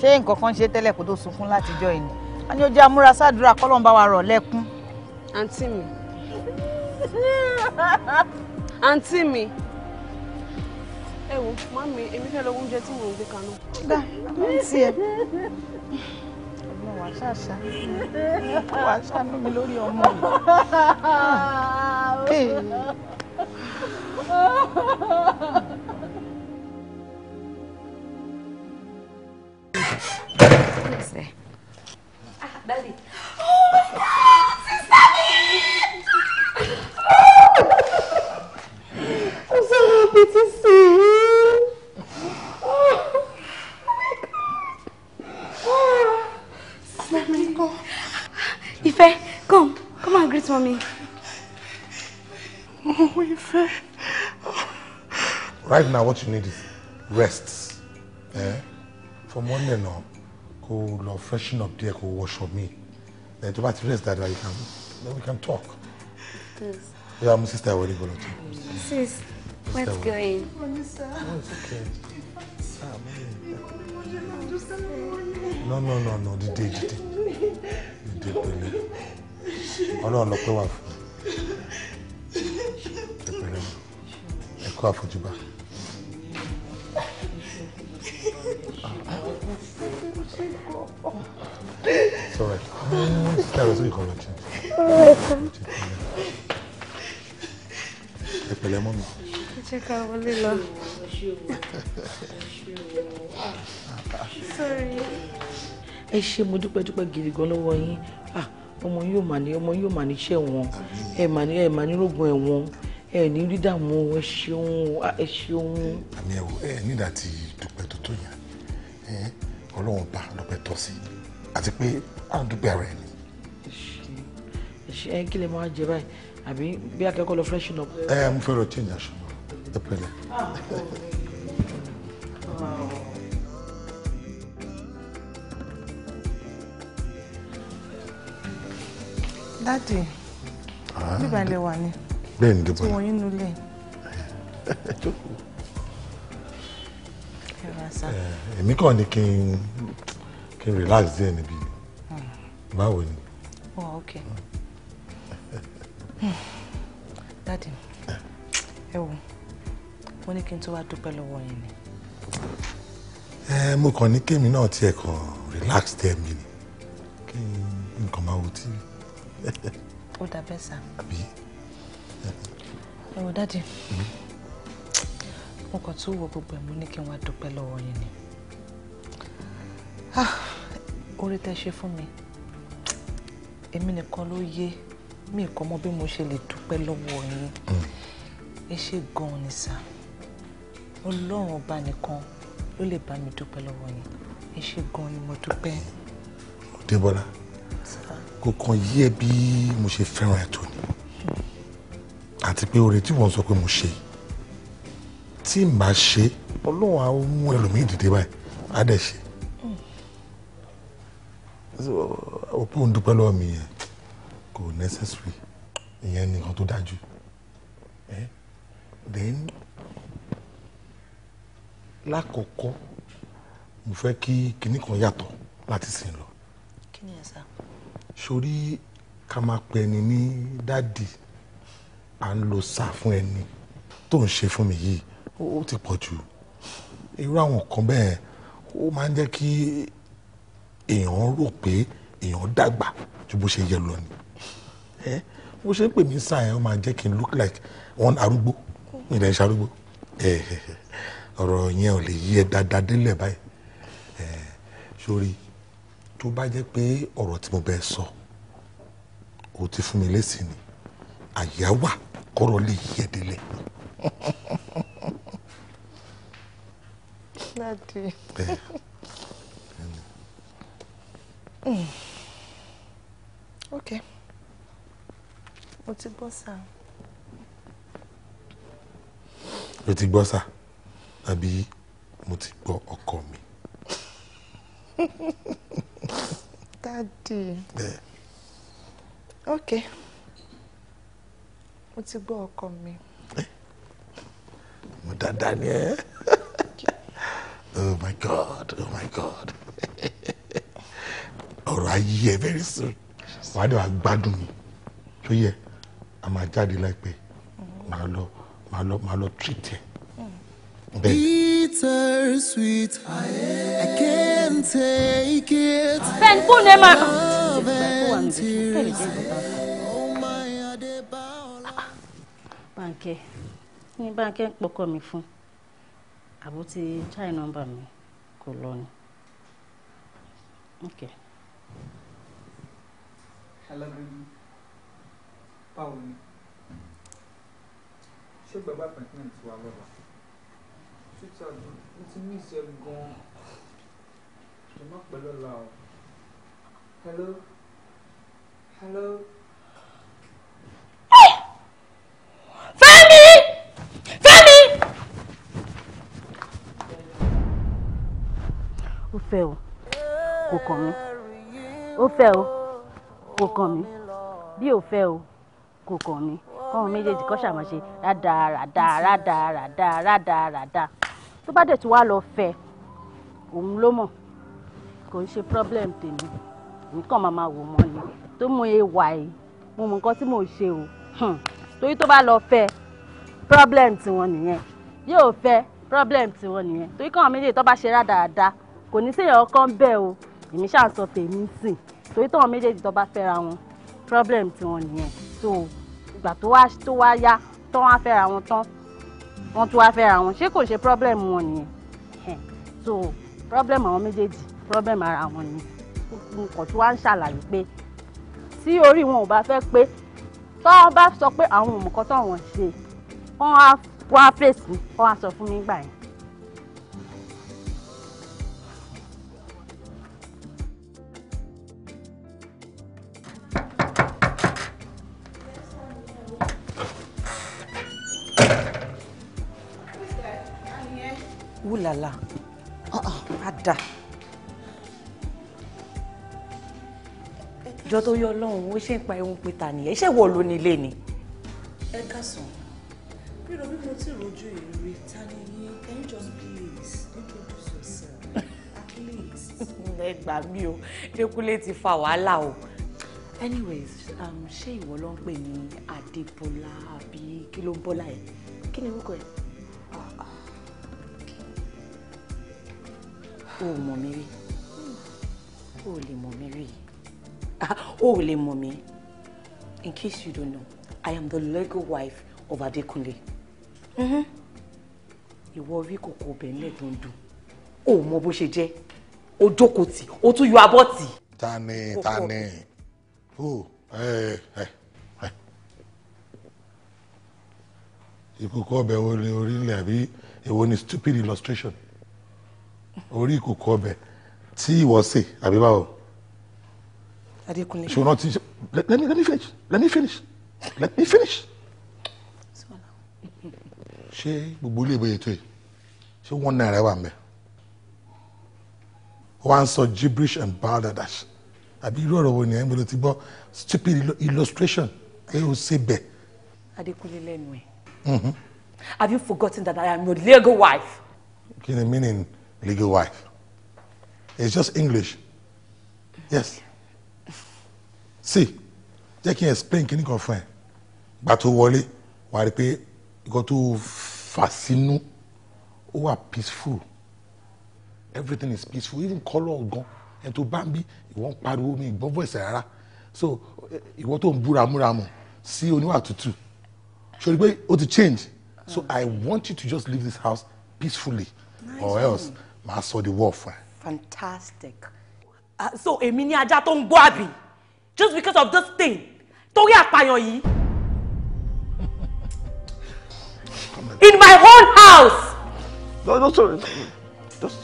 ṣé nǹkan kan ṣe tẹ́lẹ̀ kó tó sunkún látijọ́ yìí ni wọ́n ní ó jẹ́ amúra sádùúrà kọ́lọ́n bá wa rọ̀ lẹ́kún àǹtí mi àǹtí <laughs> mi ẹ wo mami èmi fẹ́ lọ oúnjẹ tí mò ń gbé kaná. dá ló ń tiẹ̀ ọmọ wa ṣàṣà wa ṣàánú mi lórí ọmọ yìí. Ah, daddy. Oh my God! fetí sí i. Oh my God. Mommy, come. Ife, come. Come and greet mommy. Oh, Ife. Right now, what you need is rest. Eh? For Monday now, go lọ freshen up there, go wash up me. Then to about rest that way, you can, then we can talk. Yes. Yeah, my sister, I will go to. Sis. Where's Mr. going? No, No, no, no, The day, the day, the day. ló pẹ́ wà no. ẹ pẹ̀lẹ́ ẹ kú àfojúbà. It's all right jẹ́ ká wọlé lọ. ẹ ṣe mo dúpẹ́ dúpẹ́ gidi gan lọ́wọ́ yín ah, ọmọ yóò mà ní ọmọ yóò mà ní iṣẹ́ wọn ẹ mà ní ẹ mà ní rògùn ẹ̀wọ̀n ẹ ní rí dààmú ẹ ṣeun ẹ ṣeun. àmì ẹ̀wò ẹ nígbà tí dúpẹ́ tó tó yàn ọlọ́run bá dúpẹ́ tọ́ sí àti pé à dúpẹ́ ara ẹ̀ ni. ẹ ṣe ẹ kí lè máa jẹ báyìí àbí bí akẹ́kọ̀ọ́ lọ freshen up. ẹ mo fẹ́ lọ change aṣọ ẹ pẹ̀lẹ́. dádì bíbá ilé wà ní bẹ́ẹ̀ni dìbò tí wọ́n yín nulẹ̀ <laughs> eh, èmi kàn ní kí n kí n relax díẹ̀ níbí my hmm. ni. oh okay. <laughs> Hmm. Daddy, eh. ẹ mo ní kí n tó wá dúpẹ́ lọ́wọ́ yín ni. ẹ mo kàn ní kémi náà tiẹ̀ kàn relax ten minutes kí nǹkan máa wo tv. ó dà bẹ́ẹ̀ sá. àbí. ẹ wò dáàdi mo kàn tún wo gbogbo ẹ̀ mo ní kí n wá dúpẹ́ lọ́wọ́ yín ni. Ah, orí tẹ́ ṣe fún mi èmi nìkan ló yé mi kò mọ bí mo ṣe lè dúpẹ́ lọ́wọ́ yín mm. ẹ ṣé gan-an ni sá ọlọ́run ọba nìkan ló lè bá mi dúpẹ́ lọ́wọ́ yín ẹ ṣe gan ni mo dúpẹ́. Débọ́lá kò kàn yí ẹ bí mo ṣe fẹ́ràn ẹ tó ni hmm. àti pé oore tí wọ́n sọ pé mo ṣe tí n bá ṣe ọlọ́run á mú ẹlòmíì dìde báyìí á dẹ̀ ṣe hmm. ó pé òun dúpẹ́ lọ́wọ́ mi yẹn kò necessary ìyẹn nìkan tó dájú then lákọ̀ọ́kọ́ mo fẹ́ kí kinní kan yàtọ̀ láti sìn lọ. kí ni ẹ sá. sórí ká máa pè ẹni ní dádì à ń lo sá fún ẹni tó ń ṣe fún mi yìí ó ti pọ̀ jù irú àwọn nǹkan bẹ́ẹ̀ ó máa ń jẹ́ kí èèyàn rò pé èèyàn dàgbà ju bó ṣe yẹ lọ ni bó ṣe ń pè mí sáà ẹ ó máa jẹ́ kí n look like one arúgbó mi lè ṣe arúgbó ọ̀rọ̀ yẹn ò lè yí ẹ dáadáa délẹ̀ báyìí sórí tó bá jẹ́ pé ọ̀rọ̀ tí mo bẹ sọ o ti fún mi lésì ni àyà wà kọ́rọ̀ lè yí ẹ délẹ̀. Daddy. Mo ti gbọ́ sá. O ti gbọ́ sá àbí mo ti gbọ́ ọkọ mi. dádì ok mo ti gbọ́ ọkọ mi. Eh. mo dáadáa ni ẹ oh my god oh my god ọ̀rọ̀ ayé ẹ very soon wàá dẹ̀ wá gbádùn mi tó yẹ a máa jáde láìpẹ́ màá lọ màá lọ màá lọ treat ẹ bẹ́ẹ̀. bitter sweet I can't take it. bẹ́ẹ̀ni fóònù ẹ máa. báńkẹ́ ní báńkẹ́ ń pọkọ mi fún àbó ti chai nọ́mbà mi kò lọ ni. Okay. Hello, baby. Báwo ni? Ṣé bàbá pẹ̀lú ẹ̀ ti wà lọ́wọ́? Twitter mo ti mí ìṣe gan-an. Ṣé má pẹ́ lọ́la o? Hello? Hello? Fẹ́mi! Fẹ́mi! Ó fẹ́ o, kò kàn mí. Ó fẹ́ o, kò kàn mí. Bí ò fẹ́ o, kò kàn mí. Kọ́mọ méjèèjì kọ́ ṣàmọ̀ṣe rádaràdà rádaràdà rádaràdà tó bá dẹ̀ tí wàá lọ fẹ́ òun ló mọ̀ kò ń ṣe problem tèmi nìkan máa ma wò mọ́ ni tó mú e wà yìí mo mọ nǹkan tí mò ń ṣe o hmm. torí tó bá lọ fẹ́ problem tiwọn nìyẹn yóò fẹ́ problem tiwọn nìyẹn torí káwọn méjèèjì tó bá ṣe rádaràda kò ní séèyàn kan bẹ́ẹ̀ o èmi ṣáà sọ tèmi sìn torí táwọn méjèèjì tó bá fẹ́ra wọn problem tiwọn nìyẹn so ìgbà tó wá yá tó wá fẹ́ra wọn tán wọ́n tún wáá fẹ́ra wọn ṣé kò ṣe problem wọn nìyẹn so problem àwọn méjèèjì problem ara wọn ni nǹkan tí wàá ń ṣàlàyé pé tí orí wọn ò bá fẹ́ pé tọ́ bá sọ pé àwọn òmùkọ́ tó àwọn ṣe wọ́n á fèsì wọ́n á sọ fún mi gbà yẹn. Uh ah, àdà ah, ìjọ tó yọ ọlọ́run ó ṣe ń pa ẹ̀hún pété nìyẹn iṣẹ́ wọ̀ ló ní ilé ni. ẹ kásán bí rọ bí mo ti rojú ìrírí ta ni yín can you just please introduce yourself at least. <laughs> ẹ gbà mí o Dékúnlé ti fa wàhálà o anyways um, ṣé ìwọ ló ń pè ní Adébọ́lá àbí kí ló ń bọ́lá ẹ kí ni orúkọ ẹ. o ò mọ̀ mí rí o ò lè mọ̀ mí rí o ah, ò lè mọ̀ mí in case you don't know I am the legal wife of Adekunle mm-hmm. ìwọ orí kòkó ọbẹ̀ ńlẹ̀ tó ń dùn o ò mọ bó ṣe jẹ́ o jókòó tì o tún yọ abọ́ tì. ta ni ta ni o ẹ ẹ ìkòkò ọbẹ̀ wo ni orí àbí èwo ni stupid illustration orí ìkòkò ọbẹ̀ tí ìwọ sè àbí báwo. ṣùgbọ́n ti let me let me finish let me finish let me finish. ṣé gbogbo ilé ìbòye tó yìí ṣé wọ́n náírà wà mẹ́ wọ́n á sọ gibberish and balderdash àbí irú ọ̀rọ̀ wo ni ẹ̀ ń bolo ti gbọ́ stupid illustration ẹ ò ṣe bẹ̀. Adékúnlé lẹ́nu ẹ̀. Mm-hmm. Have you forgotten that I am your legal wife? kí ni meaning legal wife. It's just English. Yes. See, jẹ́ kí n explain kíní kan fún ẹ. Gbà tó wọlé, wàá rí pé nǹkan tó fà sínú ó wà peaceful. Everything is peaceful, even colour gan. Ẹni tó bá ń bí ìwọ ń pariwo mi ìgbọ́n voice rárá. So ìwọ tó ń búra múra mọ̀ sí oníwà tútù. Ṣòrí pé ó ti change. So ah. I want you to just leave this house peacefully or else màá sọ the word fún ẹ. fantastic. Uh, so èmi ni ajá tó ń gbó àbí just because of this thing torí àpàyàn yìí. in my own house. no no sorry.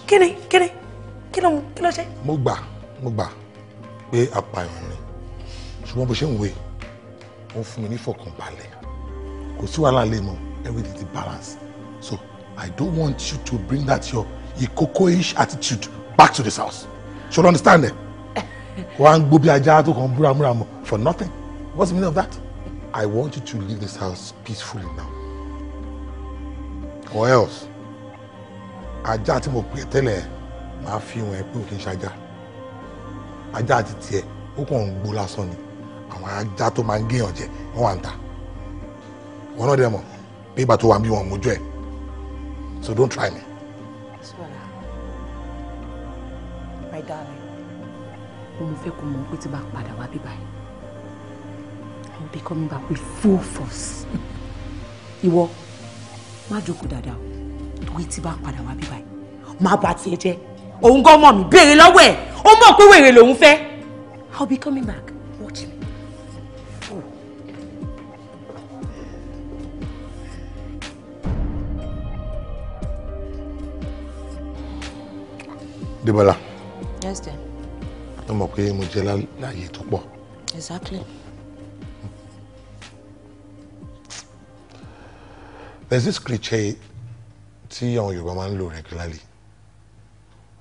kí ni kí ni kí ló kí ṣe. mo gbà mo gbà pé àpàyàn ni ṣùgbọ́n bó ṣe ń wé ó ń fún mi ní fọkànbalẹ̀ kò sí wàhálà lè mọ everything is balanced so i don't want you to bring that your ìkókóish attitude back to this house Should understand it <laughs> wàá ń gbó bí ajá tó kàn búra múra for nothing what's the meaning of that i want you to leave this house peacefully now or else ajá tí mo pè tẹ́lẹ̀ máa fi wọn ẹ pé òkè ń ṣajá ajá àti tiẹ̀ ó kàn ń gbó lásán ni àwọn ajá tó máa ń gé ọ̀jẹ̀ wọ́n so don't try me. mo fẹ́ kó mọ̀ pé tí bá padà wá bí báyìí I will be coming back with full force ìwọ má jókòó dáadáa ìwé tí bá padà wá bí báyìí má bà tiẹ̀ jẹ́ òun gan mọ̀ mí béèrè lọ́wọ́ ẹ̀ ó mọ̀ pé wèrè lòun fẹ́ I will be coming back watch me. Debola. Yes, dear ẹ mọ̀ pé mo jẹ́ láàyè tó pọ̀. exactly. there's this cliche tí àwọn Yorùbá máa ń lò regularly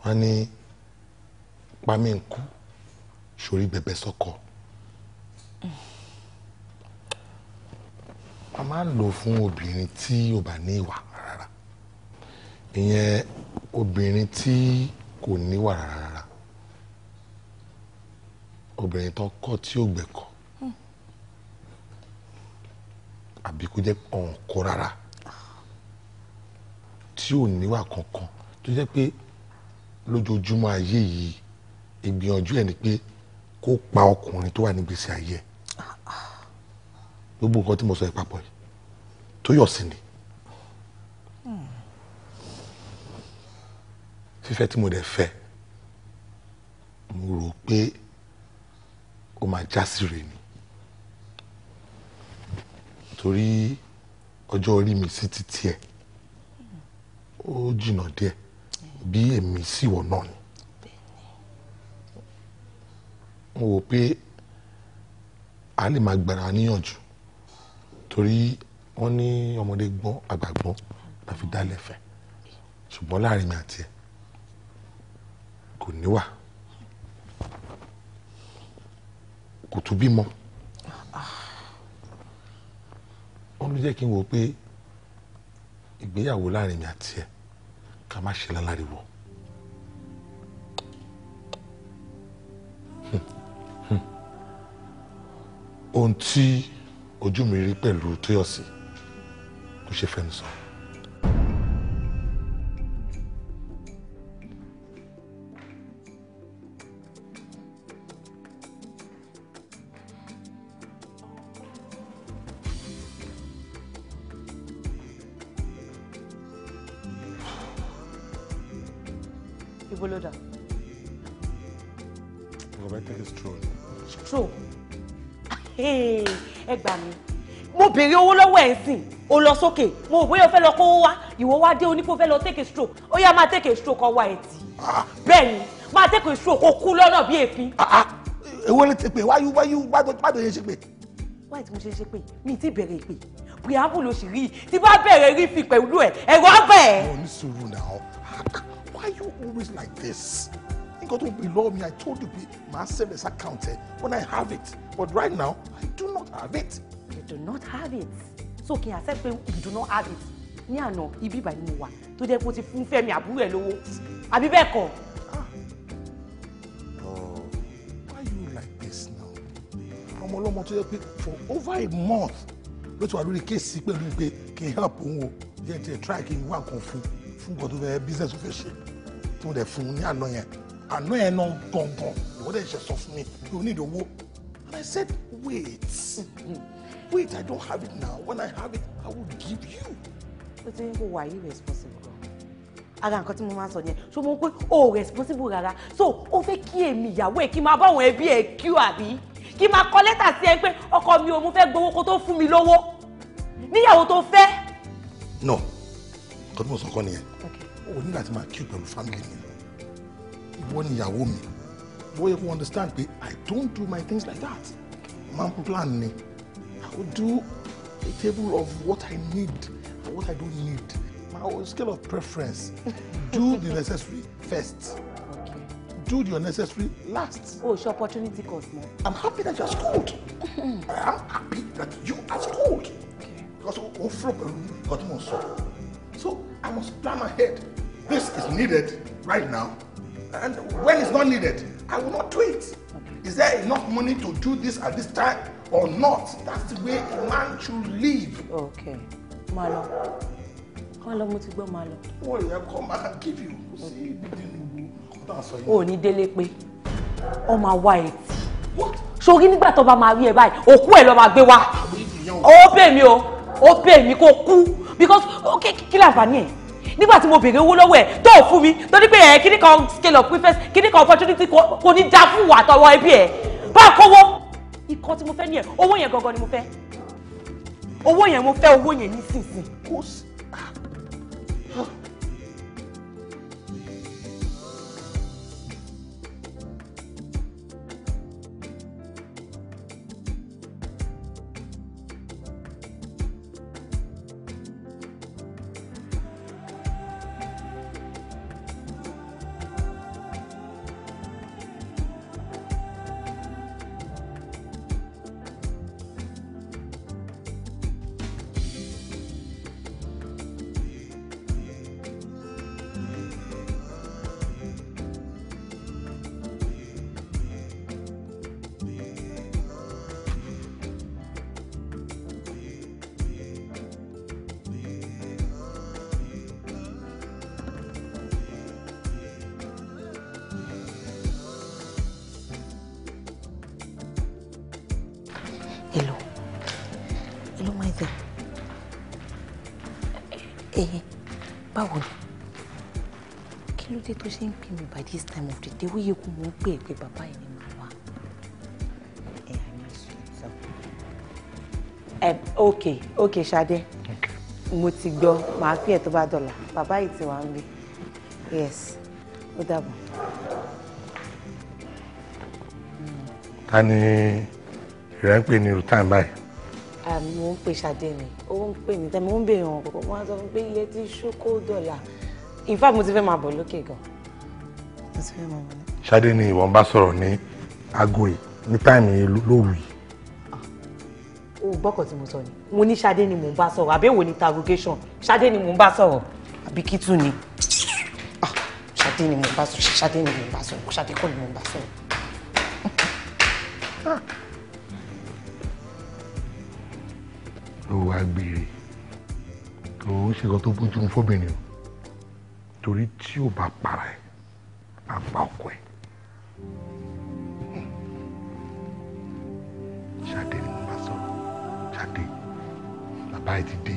wọ́n ní pàmí ń kú sórí bẹ̀bẹ̀ sọ́kọ. a máa ń lò fún obìnrin tí ò bá ní ìwà rárá ìyẹn obìnrin tí kò níwà rárá obìnrin tó kọ́ tí ò gbẹ̀kọ́ àbí kó jẹ́ ọ̀hún kó rárá tí ò níwà kankan tó jẹ́ pé lójoojúmọ́ ayé yìí ìgbìyànjú ẹ̀ ni pé kó pa ọkùnrin tó wà nígbèsè ayé gbogbo nǹkan tí mo sọ ẹ̀ papọ̀ yìí tó yọ̀ sí ni fífẹ́ tí mo dẹ̀ fẹ́ mo rò pé ó máa já sí rè ni torí ọjọ́ orí mi sí ti tiẹ̀ ó jìnnà díẹ̀ bí èmi sì wọ̀ náà ni mo wò pé a lè máa gbàrà níyànjú torí wọ́n ní ọmọdé gbọ́n àgbà gbọ́n la fi dálẹ̀ fẹ́ ṣùgbọ́n láàrin mi àti ẹ̀ kò níwà. kò tún bímọ ó ló jẹ́ kí n wò pé ìgbéyàwó láàrin mi àti ẹ ká má ṣe láláriwo. ohun tí ojú mi rí pẹ̀lú Tóyọ̀sí kò ṣe fẹnu sọ. So. mo ò bóyá o fẹ́ lọ kó wá ìwọ wá dé onípò fẹ́ lọ take a stroke ó yá máa take a stroke ọwọ́ ẹ̀ tì bẹ́ẹ̀ ni máa take a stroke kó kú lọ́nà bí èéfín. Ah, ah. èwo ni ti pè wáyú wáyú bàdó yẹn ṣe pè. wáyé tí mo ṣe ṣe pé mi ti bẹ̀rẹ̀ pé pìyàbù ló sì rí i tí bá bẹ̀rẹ̀ rí fi pẹ̀lú ẹ̀ ẹ̀rọ bẹ̀. mo ní sùúrù náà why are you always like this nǹkan tó below me i told you pé màá save this account when i have it but right now i do not have it. you do not have it so kí n accept pé you do not have it ní àná ibi ìbàdí mo wà tó jẹ́ pé o ti fún Fẹ́mi àbúrò ẹ̀ lówó àbí bẹ́ẹ̀ kọ́. Ah. Oh, why you like this now tó yẹ pé for over a month ló ti wà lórí kéèsì pẹ̀lú pé kí n help òun o jẹ́ ti try kí n wá nǹkan fún fún nǹkan tó fẹ́ business tó fẹ́ ṣe tó dẹ̀ fún un ní àná yẹn àná yẹn náà gangan ìwọ́dẹ̀ ṣe sọ fún mi pé o ní ìdòwò and I said wait. Mm -hmm. Wait, I don't have it now. When I have it, I will give you. O ti ń kó wà responsible gan. Ara nǹkan tí mo máa ń sọ yẹn, ṣó mo ń o responsible rárá. So ó fẹ́ kí èmi ìyàwó ẹ̀ kí máa bá àwọn ẹbí ẹ̀ kí o àbí? Kí máa kọ lẹ́tà sí ẹ pé ọkọ mi ò mú fẹ́ gbowó kó tó fún mi lówó. Níyàwó tó fẹ́. No, nǹkan tí mo sọ kọ́ nìyẹn. O ní láti máa kí o pẹ̀lú family mi. Ìwọ ni ìyàwó mi. Bóyá kò understand pé I don't do my things like that. Máa ń plan ni. I would do a table of what I need and what I don't need. My scale of preference. <laughs> Do the necessary first. Okay. Do your necessary last. Oh, it's your opportunity cost more. I'm happy that you are schooled. <laughs> I am happy that you are schooled. Okay. Because we'll throw a got more so. So I must plan ahead. This is needed right now. And when it's not needed, I will not do it. Okay. Is there enough money to do this at this time? or not that's the way a man should live. okay Malo. lọ máa lọ mo ti gbọ́ máa lọ. wọ́n yẹ kọ́ give you kò sí ìdílé kó tà Oh, yìí. o ní délé pé ọ máa wá etí sórí nígbà tó bá máa rí ẹ báyìí òkú ẹ lọ máa gbé wá ó bẹ̀ mí o ó bẹ̀ mí kó kú because ó kí láǹfààní ẹ̀ nígbà tí mo béèrè owó lọ́wọ́ ẹ̀ tó ò fún mi torí pé ẹ̀ eh, kíní kan scale of preference kíní kan opportunity kò ní dá fún wa àtọwọ́ ẹbí ẹ̀ bá a kọ́wọ́ ikọ́ tí mo fẹ́ nìyẹn owó yẹn gangan ni mo fẹ́ owó yẹn mo fẹ́ owó yẹn nísinsìnyí. kò sí me by this time of the day ó yẹ kó mo pè é pé bàbá yìí ni màá wá. ẹ ẹ ní sweet so. ẹ um, ok ok Ṣadé mo ti gbọ́ màá pè ẹ́ tó bá dọ̀là bàbá yìí ti wà ń gbé yes ó dàbọ̀. ta ni ìrẹ́ ń pè ní rutan báyìí. Um, mo ń pè Ṣadé ni ó ń pè mí tẹ́lẹ̀ mo ń bèèrè wọn kọ̀ọ̀kan wọ́n sọ fún pé iye tí ṣókó dọ̀là in fact mo ti fẹ́ máa bọ̀ lókè gan-an. Ṣadé ni ìwọ bá sọ̀rọ̀ ní aago yìí ní táìmù yìí lóru yìí. Ah, o gbọ́kàn tí mo sọ ni mo ní Ṣadé ni mò ń bá sọ̀rọ̀ àbí èwo ni interrogation Ṣadé ni mò ń bá sọ̀rọ̀ àbí kí tún ni ah, Ṣadé ni mò ń bá sọ̀rọ̀ Ṣadé ni mò ń bá sọ̀rọ̀ Ṣadé kọ́ ni mò ń bá sọ̀rọ̀. ó wá gbére kò ń ṣe nǹkan tó bójú mu fóbìnrin o torí tí ò bá para ẹ̀ apá ọkọ ẹ̀ ṣáde ni mo bá sọ̀rọ̀ ṣáde bàbá ẹ ti dé.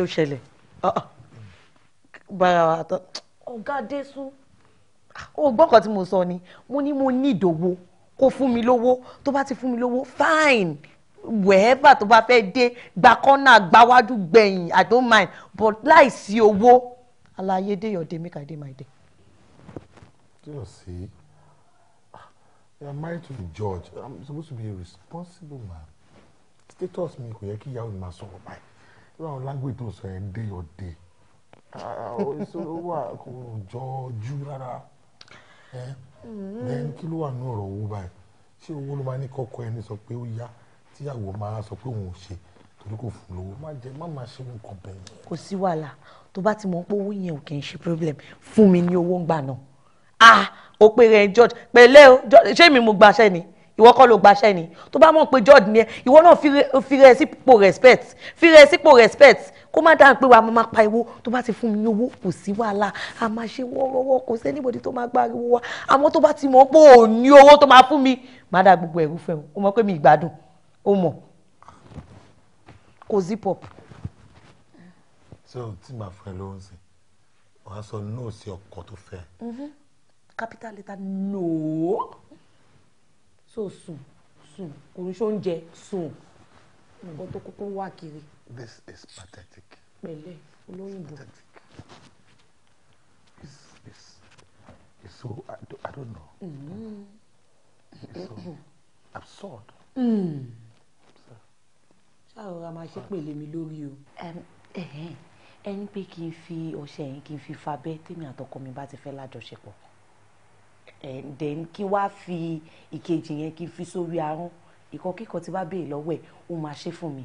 ló ṣẹlẹ̀ ah, ah. bára wa tán ọ̀gá adésù ó gbọ́ kan tí mo sọ ni mo ní mo ní ìdòwò kó fún mi lówó tó bá ti fún mi lówó fine wherever tó bá fẹ́ dé gba kọ́nà gbáwájú gbẹ̀yìn i don't mind but láìsí owó aláyé dé your day make i dey my sí i am married to the judge i am supposed to be a responsible man status mi kò yẹ kí ìyàwó mi máa sọ̀rọ̀ báyìí àwọn language tó sọ ẹ dé your day ìṣòro wà kò jọjú rárá then kí ló wà ní ọ̀rọ̀ owó báyìí ṣé owó ló máa ní kọ́kọ́ ẹni sọ pé ó yá tíyàwó máa sọ pé òun ò ṣe torí kò fún lówó má jẹ má máa ṣe nǹkan bẹ́ẹ̀. kò sí wàhálà tó bá ti mọ̀ pé owó yẹn ò kì í ṣe problem fún mi ní owó ń gbà náà ah ó pé rẹ George pẹ̀lẹ́ o ṣé mi mo gbaṣẹ́ ni ìwọ kọ́ ló gbaṣẹ́ ni tó bá mọ̀ pé judge ni ẹ ìwọ náà fi rẹ sípò respect fi rẹ sípò respect kó má dáhùn pé wàá máa pa ewo tó bá ti fún mi ní owó kò sí wàhálà a máa ṣe wọ́ọ́rọ́wọ́ kò sí anybody tó máa gba ariwo wa àmọ́ tó bá ti mọ̀ pé ò ní owó tó máa fún mi má dá gbogbo ẹ̀rú fẹ́ o ó mọ̀ pé mi ìgbádùn ó mọ̀ kò zip up. so tí màá fún ló ń sìn wàá sọ no sí ọkọ tó fẹ́. Mm-hmm. capital letter no so sùn sùn kò ń ṣoúnjẹ sùn nǹkan tó kókó wà kiri. this is pathetic. pẹ̀lẹ́ olóyìnbó. it's it's it's so I don't, I don't know. Mm -hmm. it's so absurd. Mm. ṣàròrà máa ṣe pèlè mi lórí o. ẹni pé kí n fi ọṣẹ yẹn kí n fi fa bẹ́ẹ̀ tèmi àtọkọ mi bá ti fẹ́ lájọṣepọ̀. Eh, then kí wá fi ìkejì yẹn kí fi sórí ahọ́n ìkọkíkọ tí bá béèrè lọ́wọ́ ẹ̀ ó máa ṣe fún mi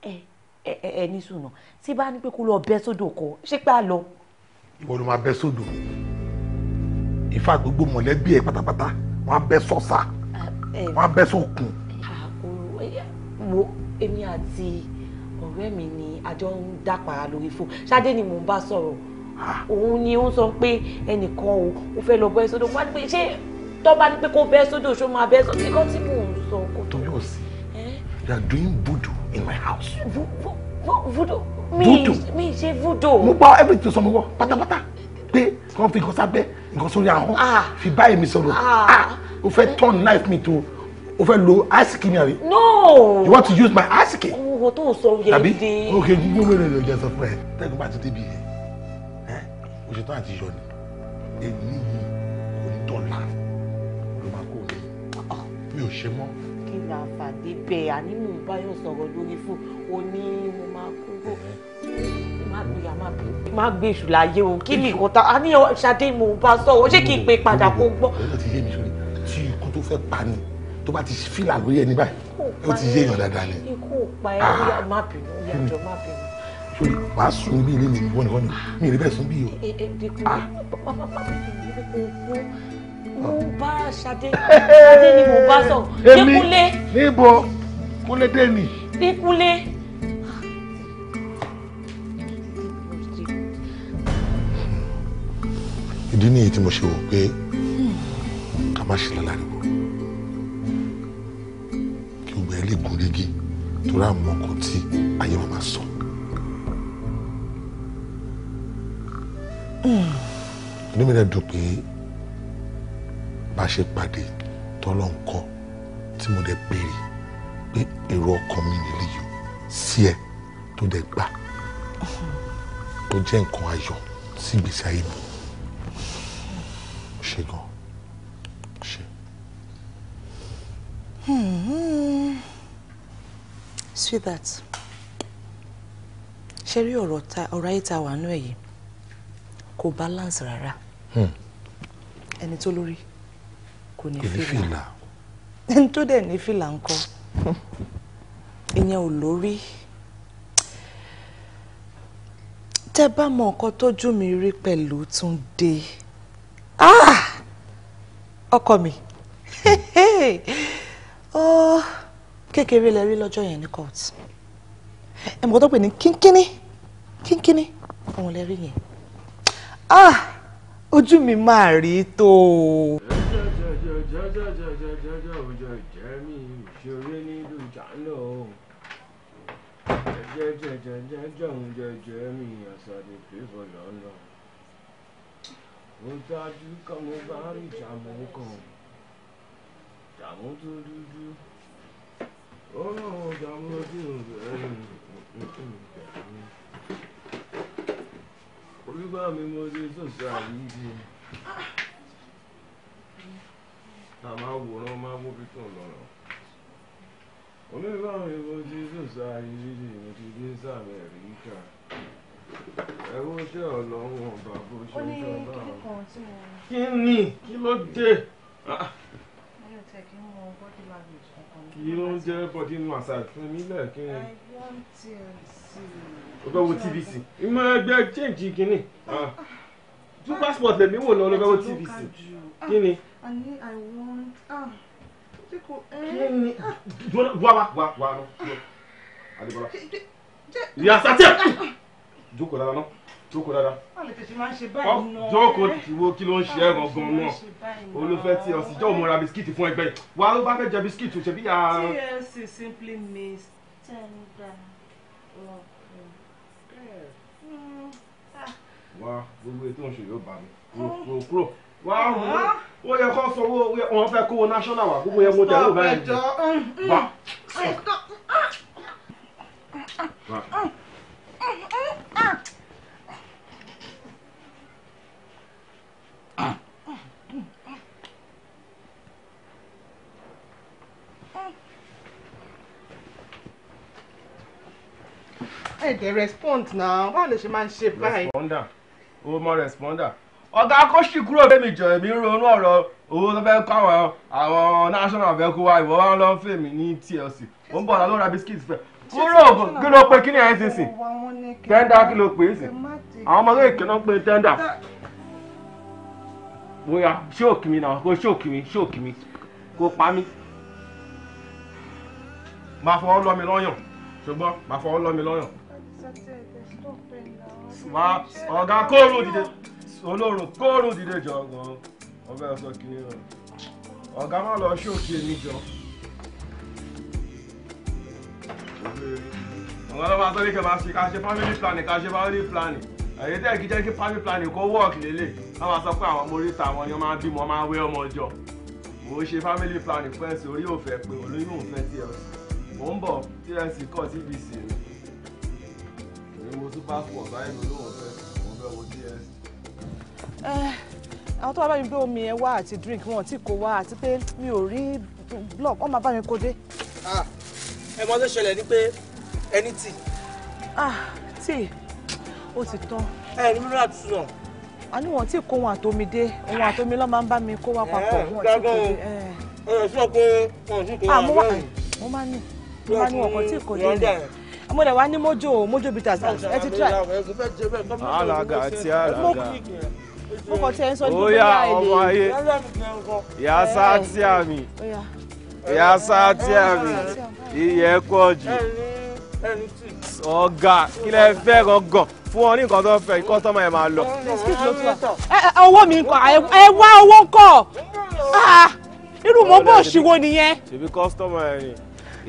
ẹ ẹ ẹ ní sùnà tí bá ní pé kó lọ bẹ́ sódò kọ ṣé pé a lọ. ìwọ ló máa bẹ́ sódò ìfà gbogbo mọ̀lẹ́bí ẹ̀ pátápátá wọ́n á bẹ́ sọ́sà eh, eh, wọ́n á bẹ́ sókun. wo èmi àti ọ̀rẹ́ mi ni àjọ ń dápàá lórí fún ṣáde ni mò ń bá sọ̀rọ̀ òun ni ó sọ pé ẹnìkan o ó fẹ́ lọ bẹ́ sódò wọ́n á ní pé ṣé tó bá ní pé kó bẹ́ sódò ṣó máa bẹ́ sódò nǹkan tí mò ń sọ kò tó. tọ́yọ̀ sí you are doing voodoo in my house. voodoo mi ṣe voodoo. mo pa everything sọ mi wọ pátápátá pé kàn fi nǹkan sábẹ́ nǹkan sórí ahọ́n ah. fi báyìí mi sọ̀rọ̀ ah. Ah, o fẹ́ turn knife mi to o fẹ́ lo asiki mi àbí. no you want to use my asiki. owó tó sọ yẹn dé. tàbí ok gbogbo èrè ìjọsìn fún ẹ tẹ́gbọ́n bá ti débi yẹn kò ṣe tán àti yọ ni èmi yìí kò ní dọ́là ló máa kó mi ah, mi ò ṣe mọ́. kí ni àǹfààní bẹ́ẹ̀ àní mò ń báyọ̀ sọ̀rọ̀ lórí fún o ní mo máa kúrò má gbé èṣù láyé o kí ni ìkọta a ní ṣadé mo bá sọ̀rọ̀ ṣé kí n pe padà kó gbọ́. ó ti yé mi sórí tí ikú tó fẹ́ pa ni tó bá ti fìlà lórí ẹni báyìí ó ti yé èèyàn dáadáa ni. ikú pa ẹ́ ah. má bínú ìyàjọ hmm. má bínú sórí wàá sùn bí ilé mi ìwọ nìkan ni mi ìrẹ́bẹ̀ sùn bí o. Eh, eh, eh, ah. mo bá Ṣadé <laughs> Ṣadé ni mo bá sọ Dékúnlé. níbo Kúnlé dé ni. Dékúnlé. ìdí nìyí tí mo ṣe wò pé ká má ṣe lálàríwò kí gbogbo ẹ lè gún régé tó rà mọ́ kó tí ayé wọn máa sọ. inú mi dẹ̀ dùn pé bá a ṣe pàdé tọ́lọ́ nǹkan tí mo dẹ̀ béèrè pé èrò ọkàn mi nìyí sí ẹ tó dẹ̀ gbà tó jẹ́ nǹkan ayọ̀ sí ìgbésí ayé mi ṣe gan ṣe. sweetheart ṣe rí ọ̀rọ̀ ayé ta wà nú ẹ̀ kò balance rara. Hmm. ẹni tó lórí kò ní fìlà ẹni tó dẹ̀ ní fìlà ńkọ́ ìyẹn ò lórí tẹ́ bá mọ nǹkan tójú mi rí pẹ̀lú Túndé ah! ọkọ mi <laughs> oh, kékeré lẹ rí lọ́jọ́ yẹn ní court ẹ̀ pè ní kínkínní kínkínní òun lẹ rí yẹn ah ojú mi máa rí tó o. ó dájú kan mo bá rí orúkọ mi mo ti sòsò àyíjì a máa wòran máa wó pípọ̀ lọ́rọ̀ orúkọ mi mo ti sòsò àyíjì mo ti dé sàmì ẹ̀ríkà ẹ wo tẹ ọlọ́run ọba bó ṣe ń tọ́ náà. kí ni kí ló dé. kí ló ń jẹ́ body massage fún mi lẹ́ẹ̀kí. I o fẹ́ wo tvc ìmọ̀ ẹgbẹ́ change kínní ah. two passports passport lèmi wò lọ lọ fẹ́ wo tvc kínní. kínní wá wá wá wá lọ Adébọ́lá ìyá sátẹ̀ jókòó dáadáa náà jókòó dáadáa jókòó wo kí ló ń ṣe ẹ̀rọ gan náà olùfẹ́ tí ọ̀sìn jọ́ òmùra bisikíìtì fún ẹgbẹ́ yìí wà ló bá fẹ́ jẹ bisikíìtì ṣebí ya. tlc simply means ten dollars wá gbogbo ètò òṣè yóò bá mi kúrò kúrò wá ó yẹ kó sanwó wọn fẹ́ kówó national wà gbogbo yẹ mo tẹ ló báyìí jẹ wá. Ah! ẹ̀dẹ̀ respond náà báwo lè ṣe máa ń ṣe báyìí. responder o mọ responder ọ̀gá kó sì kúrò bẹ́ẹ̀mì jọ èmi ń ronú ọ̀rọ̀ owó tó fẹ́ kọ́ àwọn àwọn national fẹ́ kó wa ìwọ wa lọ fún èmi ní TLC ó ń bọ̀ ọ̀la ló ra biscuit fẹ́ kúrò kí ló pe kíni ẹ̀ sísìn tẹ́ndà kí ló pe é sìn àwọn ọmọ lóye kìnnà pé tẹ́ndà bóyá ṣóòkì mi náà kó ṣóòkì mi ṣóòkì mi kó pa mí máa fọwọ́ lọ́ mi lọ́yàn ṣùgbọ́n máa fọwọ́ lọ́ mi lọ́yàn wá ọ̀gá kóòrò dìde olóró kóòrò dìde jọ gan ọbẹ̀ sọ kìíní rẹ̀ ọ̀gá má lọ ṣòkè èmi jọ. ọ̀gá lọ́wọ́ àtọ́lé kẹ́ máa ṣe ká ṣe family planning ká ṣe family planning èyí tẹ́ kí jẹ́ kí family planning kó work lélẹ̀ wọ́n máa sọ pé àwọn ọmọ oríta àwọn èèyàn máa bímọ máa wẹ́ ọmọ jọ mo ṣe family planning fẹ́ǹsì orí òfẹ́ pé olóyún òfẹ́ tlc mo ń bọ̀ tlc kọ́ cbc ni ni mo tún passport báyìí ló lóun fẹ́ òun fẹ́ wo ds. Eh, àwọn tó bá bá mi gbé omi yẹn wá àti drink wọn tí kò wá àti pé mi ò rí block wọn máa bá mi kó dé. Ah, ẹ mọ tó ṣẹlẹ̀ ni pé ẹni tì. Ah, tí ó ti tán. ẹ ní mímú àti sùn. a ní wọn tí kó wọn àtomi dé òun àtomi lọ máa ń bá mi kó wá papọ̀ eh, wọn tí kò dé. ọ̀rọ̀ eh. sọ pé wọn ò tún kó wọn àgbọ̀n. Ah, mo máa ní wọn kàn tí kò dé mo dẹ̀ wá ní mojo mojo bitters ẹ ti try. alága ti alága mo kàn tiẹ̀ ń sọ ní gbogbo ayé ọmọ ayé yàtsá tí a mi yàtsá tí a mi iyẹ̀ pọ̀ jù ọ̀gá kí lẹ fẹ́ gangan fún ọ ní nǹkan tó fẹ́ kọ́sọ́mà ẹ̀ máa lọ. owó mi nǹkan ẹ wá owó kọ ah, irú mọ́gbọ́n òṣìwò nìyẹn. ṣèbí kọ́sọ́mà ẹ̀ ni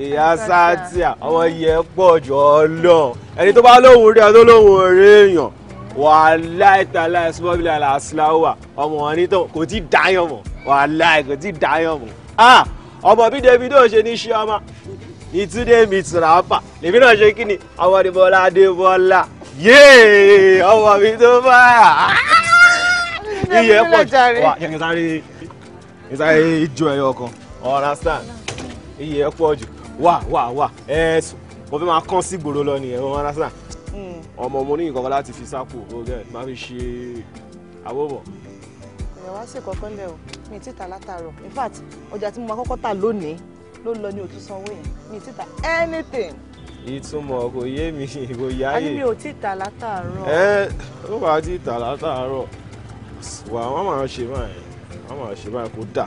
ìyá sátíà ọmọ yẹ pọ̀ jù ọ lọ ẹni tó bá lóhùn rí ọ tó rí èèyàn wàhálà ìtàlá ìsúmọ́bìlì àlàsíláwà ọmọ wọn kò tí dáyàn mọ́ wàhálà kò tí dáyàn mọ́ ọmọ bí Davido ṣe ní ṣíọ́mà ní Túndé meets rapper lèmi náà ṣe kí ọmọ ní Bọ́lá Adébọ́lá yéé ọmọ mi tó bá iye pọ̀ jù wà kẹ̀kẹ́ sáré ìjọ ẹ̀yọ kan understand iye pọ̀ jù wà wà wà ẹ sùn mo fẹ́ máa kán sí gbòòrò lọ nìyẹn mo máa rà sàn hmm. ọmọ mo ní ìkọ̀kọ̀ láti fi sápò ọgẹ́ máa fi ṣe àwòbọ̀. ẹ wá sí ìkọ̀kọ̀ lẹ o mi ti tà látàárọ̀ in fact ọjà tí mo máa kọ́kọ́ tà lónìí ló lọ ní òtún sanwó yẹn mi ti tà anything. ìtumọ̀ kò yé mi kò yá yé. a ní mi ò tí tà látàárọ̀. ẹ ó wàá tí tà látàárọ̀ wà wọ́n máa ṣe báyìí wọ́n máa ṣe báyìí kó dà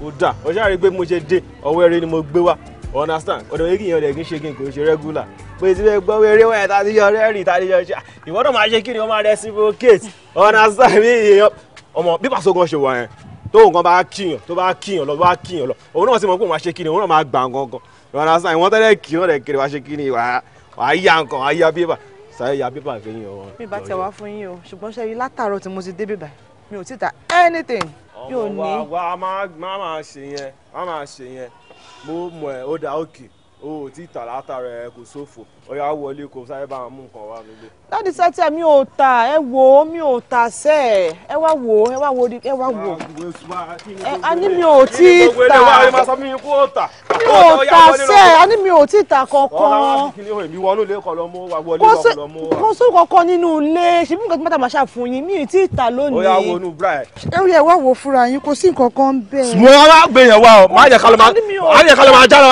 kó dà ọ̀ṣà rí mo ṣe dé ọwọ́ ẹ̀rẹ́ ni mo gbé wá understand ọ̀dọ̀ yìí kìyàn ọ̀dẹ̀ kì í ṣe kí n kò ṣe regular pé ti fẹ́ gbọ́ eré wáyà tá a ti yọ rẹ́rìn tá a ti yọ ṣe ìwọ náà máa ṣe kí ni wọ́n máa reciprocate understand mi èèyàn ọmọ bí pàṣẹ gan ṣe wà yẹn tó nǹkan bá kíyàn tó bá kíyàn lọ bá kíyàn lọ òun náà sì mọ̀ pé òun máa ṣe kí ni òun náà máa gbà gangan understand ìwọ́n tẹ́lẹ̀ kì í náà kiri wá ṣe kí ni wàá yá nǹkan wàá yá bíbà sáré yá bíbà fún yín o. mi bá tẹ wá fún yín o ṣùgbọ́n ṣe rí látàárọ̀ tí mo ti dé bíbà mi ò tí ta anything mi ò ní. ọmọ wa wa máa ṣe yẹn máa ṣe yẹn mo mọ̀ ẹ́ ó dáa òkè o ò tí ì tà kò sófò ọyà wọlé kò sáré bá wọn mú nǹkan wá nílé. láti sátì mi ò ta ẹ wò ó mi ò ta sẹ ẹ ẹ wá wò ó ẹ wá wò ó ẹ wá wò ó. a ní mi ò tí ì ta mi ò ta sẹ a ní mi ò tí ì ta kankan. kò sóò kankan nínú ilé ṣe bí nǹkan tí mọ́tà máa ṣàfún yín mi ò tí ì ta lónìí. ọyà wo nu bra ẹ. ẹ yẹ wá wò fúnra yín kò sí nǹkan kan bẹ́ẹ̀. mo máa gbé yẹn wá ọ máa yẹ ká ló máa jára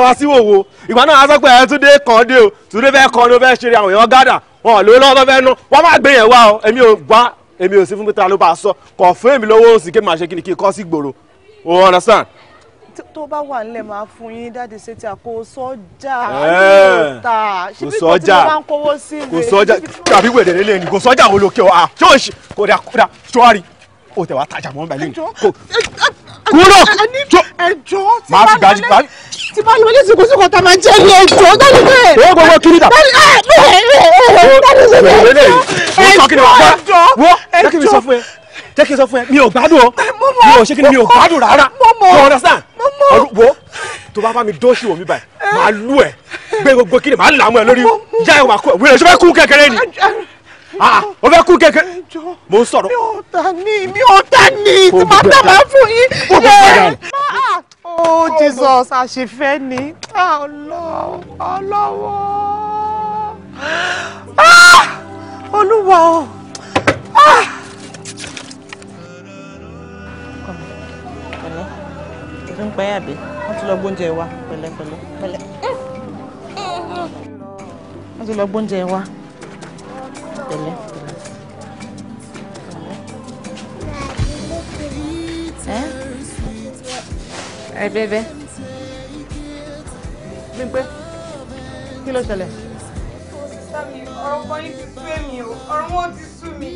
wá sí òwò ìgbà náà a sọ pé ẹ t túnde kàn dé o túnde fẹ́ kàn ló fẹ́ ṣeré àwọn èèyàn gádà wọn ò lówó lọ́wọ́ fẹ́ nú wọ́n má gbé yẹn wá o èmi ò gbá èmi ò sí fún pété ló sọ kàn fún èmi lọ́wọ́ òsì kí màá ṣe kí ni kí n kọ́ sí gbòòrò o understand. tó bá wà nílẹ̀ máa fún yín dáàdi ṣe àkó sọ́jà àyọ̀tà ṣíbí tí wọ́n máa ń kówó sí rè kò sọ́jà tàbí wèrè kò sọ́jà wo lókè o à ṣé òṣì kò dà kò dà ṣọ́ọ́rì o tẹ wa tajà mọ bẹẹ lẹni kò kúrò jọ máa fi gbàjú gbàjú. tí bá lọ ní sùkúsùkú tá a máa jẹ ní ẹjọ́ dáni bẹ́ẹ̀. ẹ gbogbo kiri ta. ẹjọ́ ẹjọ́ jẹ́ kí n sọ fún ẹ mi ò gbádùn ọ mi ò ṣe kí ni mi ò gbádùn rárá you understand wo tó bá bá mi dọ́ṣì wò mí báyìí màá lù ẹ gbé gbogbo kí ni màá làmú ẹ lórí já ẹ wà kú ẹ wíwẹ̀ ṣe fẹ́ kú kékeré ni ah, o fẹ́ kú kékeré mo ń sọ̀rọ̀ ta ni mi ò ta ni tí màá tà máa fún yín. oh, oh jesus àṣefẹ́ ni ah, ọlọ́wọ́ ah, olúwa o. pẹ̀lẹ́ ìdí ń pẹ́ àbí wọ́n ti lọ gbóúnjẹ wa pẹ̀lẹ́pẹ̀lẹ́ pẹ̀lẹ́ wọ́n ti lọ gbóúnjẹ wa pẹ̀lẹ́. Eh? Hey, baby. Bímpé, kí ló ṣẹlẹ̀? Sísá mi, ọ̀rọ̀ kan love. ti sú èmi o, ọ̀rọ̀ wọn ti sú mi.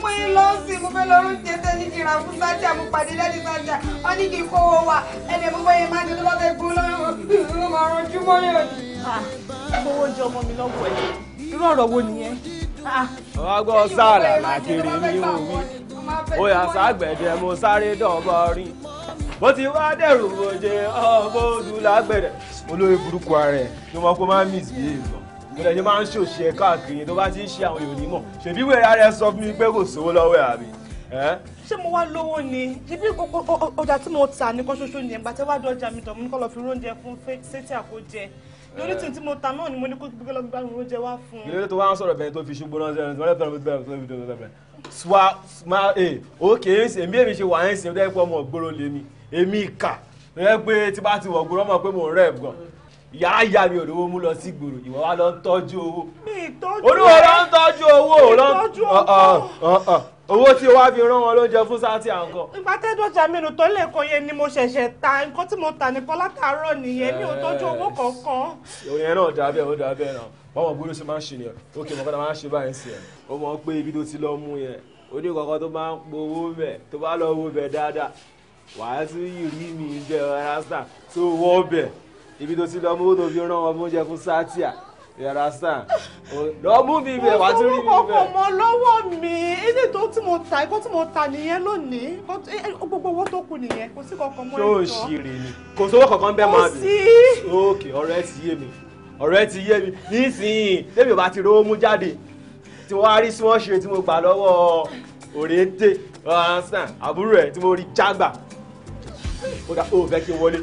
Mo yín lọ sí, mo fẹ́ lọ rún jẹsẹ̀ ní kí n ra fún Sájà, mo pàdé lẹ́ni Sájà, wọ́n ní kí n kó owó wa, ẹ̀dẹ̀ mo bẹ́yẹn máa ń jẹ́ tó bá fẹ́ gbó lọ́rùn, mo máa rọjú mọ́rẹ̀ òní. Gbówó jẹ ọmọ mi lọ́wọ́ ẹ̀, irú ọ̀rọ̀ wo nìyẹn? Ọ̀rọ̀ agbọ́ sáàlà làkèrè mi ò wí bóyá ságbẹ̀dẹ̀ mo sáré dọ̀gọ́rin bó ti wá dẹ̀rù òjè ọ̀bọ̀dù lágbẹ̀dẹ̀. olórí burúkú ara ẹ̀ ló mọ̀ kó máa ń misbehave ìpínlẹ̀ ṣe máa ń ṣòṣì ẹ̀ káàkiri tó bá ti ń ṣe àwọn èrò nímọ̀ ṣèbí wẹ̀ ara ẹ sọ fún mi pé kò sówó lọ́wọ́ ẹ̀ àbí. ṣé mo wá lówó ni ṣebí ọjà tí mo tà nìkan ṣoṣo ni ẹgbàá tẹ́wájú ọjà mi dọ̀mú kọ́ lọ́ọ́ fi róúnjẹ fún sétí àkójẹ lórí tún tí mo ta náà ni mo ní kó gbígbé lọ gbígbá ló jẹ wá fún un. ìlérí tó wá ń sọ̀rọ̀ bẹ́ẹ̀ tó fi ṣubú náà sẹ́yìn tó lẹ́tọ̀ọ́ bẹ́ẹ̀ tó fi dòdò bẹ́ẹ̀. swa ma e òkè èmi èmi ṣe wà ẹ́ sìn dẹ́pọ̀ ọmọ ògbóró lé mi èmi ìkà rẹ pé tí bá ti wọ̀ gbóró mọ̀ pé mò ń rẹ̀ gan ìyá ìyá mi ò lówó mú lọ sí ìgboro ìwọ wa lọ ń tọ́jú owó. mi ìtọ́jú owó tí o wá fi rán wọn lóúnjẹ fún sáà tí à ń kọ. ìgbà tẹ́dọ̀jà mi lò tó lè kọ yẹn ni mo ṣẹ̀ṣẹ̀ ta nǹkan tí mo tà nìkan látàárọ̀ nìyẹn mi ò tọ́jú owó kankan. òyìn náà dà bẹ́ẹ̀ ó dà bẹ́ẹ̀ náà wọ́n mọ̀ gbọ́dọ̀ ṣe máa ń ṣe nìyẹn ókè mọ̀ kọ́ta máa ń ṣe báyìí sí ẹ̀ ó mọ̀ pé ibi tó ti lọ mú yẹn oníkọ̀ọ̀kan tó máa ń powó bẹ̀ tó bá lọ wo bẹ̀ dáadáa wàá you understand lọ mú mi ibẹ̀ wá tún rí mi ibẹ̀. mo fọwọ́ mọ lọ́wọ́ mi ilé tó tí mo ta ikọ́ tí mo ta nìyẹn lónìí gbogbo owó tó kù nìyẹn kò sí kankan mọ́ ẹ̀jọ́. ṣé o ṣì rè ni kò sówó kankan bẹ́ẹ̀ máa bì. kò sí. ókè ọ̀rẹ́ ti yé mi ọ̀rẹ́ ti yé mi nísìnyìí tèmi ò bá ti rówó mú jáde tí wọ́n á rí sí wọ́n ṣe tí mo gbà lọ́wọ́ òrèǹtè ọ̀hánsán àbúrò ẹ̀ tí mo rí jágbà ó fẹ́ kí n wọlé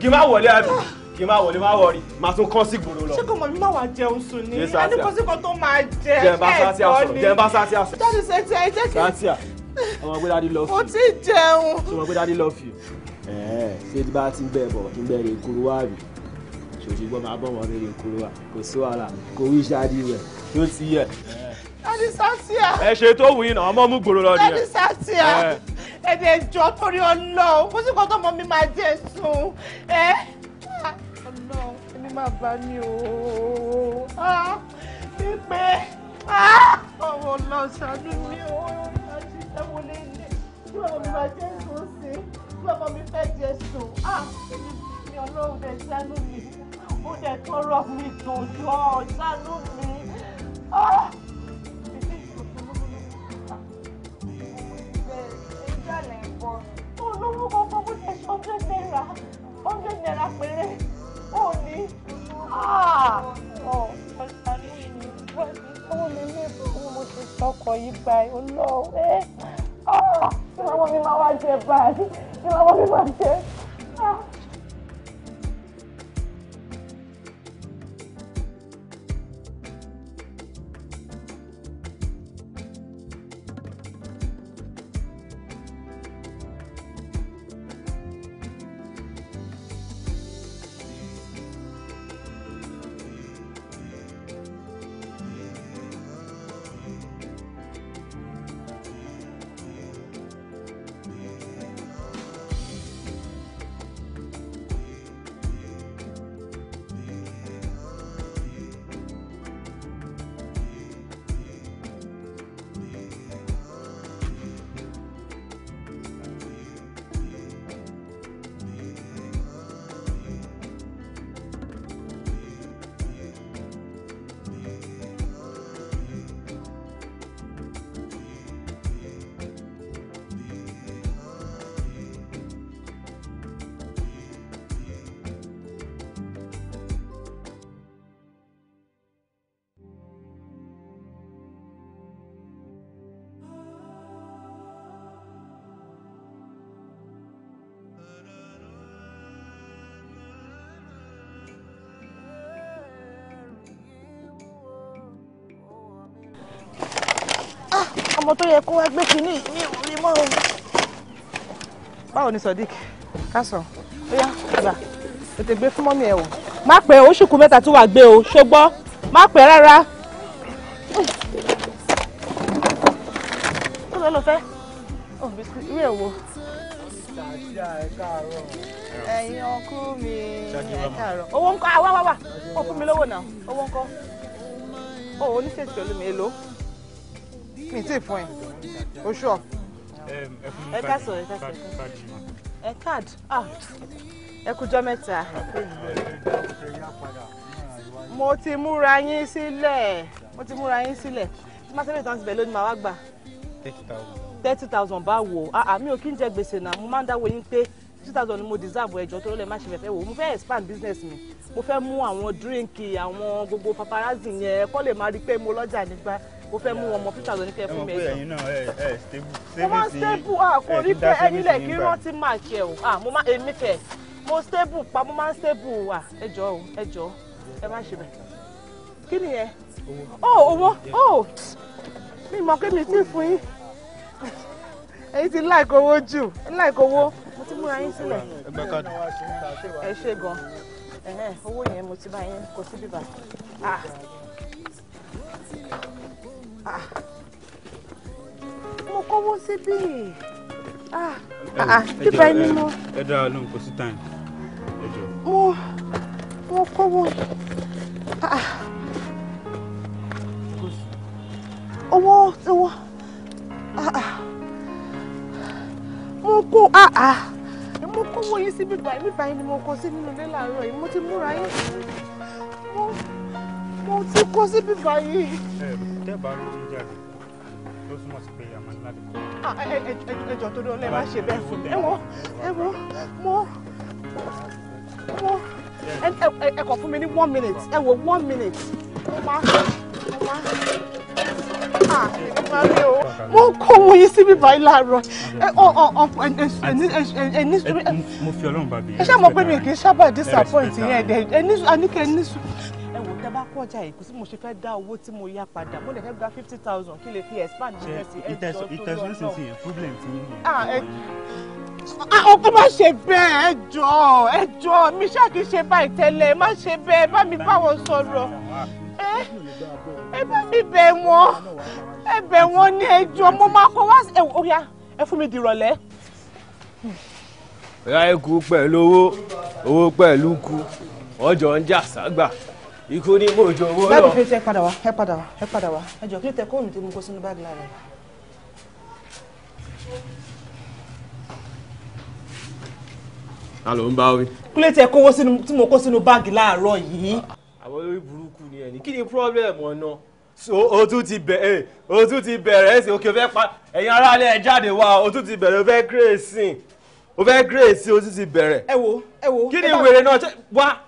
kí n má wọlé àbí kí n má wọlé má wọrí màá tún kán sí gbòòrò lọ. ṣé kò mọ̀ mi má wàá jẹun sùn ni ẹni kò sí kan tó máa jẹ ẹ̀ kọ́ ni jẹun bá sátíà sùn. dáàdi sẹ́tì ẹ jẹ́ kí. sátíà ọmọ pé dáàdi love you. mo ti jẹun. ọmọ pé dáàdi love you. ẹ̀ẹ́ ṣé tí bá ti ń bẹ̀ bọ̀ ń bẹ̀rẹ̀ ìkúrú wá rí ṣòṣùgbọ́n máa bọ̀ wọ́n bẹ̀rẹ̀ ìkúrú wá kò sí wàhálà kò wí ṣáàdì rẹ̀ yóò ti yẹ. dáàdi sátíà. ẹ ṣe tó wù yín náà ọmọ mú gbòòrò lọ nìyẹn. dáàdi sátíà ẹ̀ẹ́dẹ̀ẹ́jọ́ torí ọlọ́ọ̀ kó sì kọ́ tó mọ mi máa jẹ sùn ẹ́ ní bàbá mi ooo pípé ah, ah, ọwọ́ lọ ṣàánú mi ooo àti ìṣẹ́wọ́ lé ilé tí bàbá mi máa jẹ́ èso ṣe tí bàbá mi fẹ́ jẹ sùn ah, mi ọlọ́run dẹ̀ ṣàánú mi ó dẹ̀ tọrọ mi tòjọ́ ṣàánú mi. báyìí olóòwe eh, ah, kí lọ́wọ́ mi máa wá jẹ báyìí kí lọ́wọ́ mi máa jẹ ọmọ tó yẹ kó wá gbé kínní ní orí mọ́ o. báwo ni Sodiq kásán ó gbà tètè gbé fún mọ́mí ẹ̀ wò. má pẹ́ oṣù kù mẹ́ta tó wà gbé o ṣùgbọ́n má pẹ́ rárá. kó ló lọ fẹ́ ìwé ẹ̀ wò. ẹ̀yin ọkú mi ẹ̀ káàárọ̀ owó ńkọ́ àwa wà wà ó fún mi lówó náà owó ńkọ́ ó oníṣèṣì olùmí èlò mi tí ì fún ẹ o ṣọ. ẹ káàsọ ẹ káàsọ ẹ káàd ah, ẹ kújọ mẹ́ta. mo ti múra yín sílẹ̀ mo ti múra yín sílẹ̀ tí máa sẹ́lẹ̀ tán ti bẹ̀ lónìí màá wá gbà. thirty thousand. thirty thousand bá wò ó mi ò kí ń jẹ gbèsè náà mo máa ń dáwọ́ yín pé two thousand ni mo deserve ẹjọ́ tó lè má ṣe fẹ́fẹ́ wò mo fẹ́ expand business mi mo fẹ́ mú àwọn dírínkì àwọn gbogbo paparazzi yẹn kó lè máa rí i pé mo lọ́jà nígbà o fẹ́ mú ọmọ peter lóní kẹ́ fún mi ẹ̀jọ̀. ẹ̀yin náà ẹ ẹ stable stable ti mo máa stable ah kò rí pé ẹyin lẹ̀ kí rántí máa kẹ o ah mo máa èmi kẹ mo stable pa mo máa stable wa ah, ẹ̀jọ̀ o ẹ̀jọ̀ ẹ má ṣe bẹ̀ kí ni yẹn o owó o oh, oh. mi mọ pé mi ti fún yín èyí ti láìkó owó jù láìkó owó mo ti múra yín sílẹ̀ ẹ ṣe gan owó yẹn mo ti bá yín kò sí bíbá ah mo kówó síbí ah, ah, bíbá ẹni mo. ẹ dára lóhùn kò sí time. mo mo kówó ah. owó owó mo kó mo kówó yín sí bíbá ẹni bíbá ẹni mo kó sí nínú ilé làárọ̀ yìí mo ti múra yín mo ti kó sí bíbá yìí bá rówó jáde ló túmọ̀ sí pé a ní láti kọ́. ẹjọ tó dán má ṣe bẹ́ẹ̀ fún mi ẹ wọ ẹ wọ mo mo ẹ kọ fún mi ní one minute ẹ wọ one minute mo máa mo máa mo kó mo yí síbí báyìí láàárọ̀ ẹni sùúrù mo fi Ọlọ́run bá bi ẹ ṣáà mọ̀ pé mi kì í sábà disappoint yẹn ẹ ní kẹ ẹ ní sùúrù bá kó ọjà yìí kò sí mo ṣe fẹ́ dá owó tí mo yá padà mo lè fẹ́ gba fifty thousand kí lè fi expand business ẹjọ́ tó lọ náà. ti yẹn problem ti yín ah, ah, ọkọ má ṣe bẹ́ẹ̀ ẹ jọ̀ọ́ ẹ jọ̀ọ́ mi ṣáà kì í ṣe báyìí tẹ́lẹ̀ má ṣe bẹ́ẹ̀ bá mi bá wọn sọ̀rọ̀ ẹ bá mi bẹ̀ wọ́n ẹ bẹ̀ wọ́n ní ẹ jọ̀ọ́ mo máa kó wá ọ̀yà ẹ fún mi dìrọ̀lẹ́. ìyá ikú pẹ̀lú owó owó pẹ̀lú ikú ọjọ́ ń jà ságbà ikú ní mò ń jọ owó lọ. báyìí fífi ẹ padà wá ẹ padà wá ẹ padà wá ẹ jọ kí tẹ kóònù tí mo kó sínú báàgì lára rẹ. ta ló ń bá wí. kúlẹ̀ tẹ kówó tí mo kó sínú báàgì láàárọ̀ yìí. àwọn olórí burúkú ni ẹni kí ni pírọ́blẹ̀mù ọ̀nà eh, o tún ti bẹ̀rẹ̀ o tún ti bẹ̀rẹ̀ ẹ̀sìn òkè o fẹ́ pa ẹ̀yin aráalé ẹ̀ jáde wá o tún ti bẹ̀rẹ̀ o fẹ́ gírèsì o fẹ́ gírèsì o tún ti bẹ̀rẹ̀. ẹ wo ẹ wo kí ni wèrè náà wá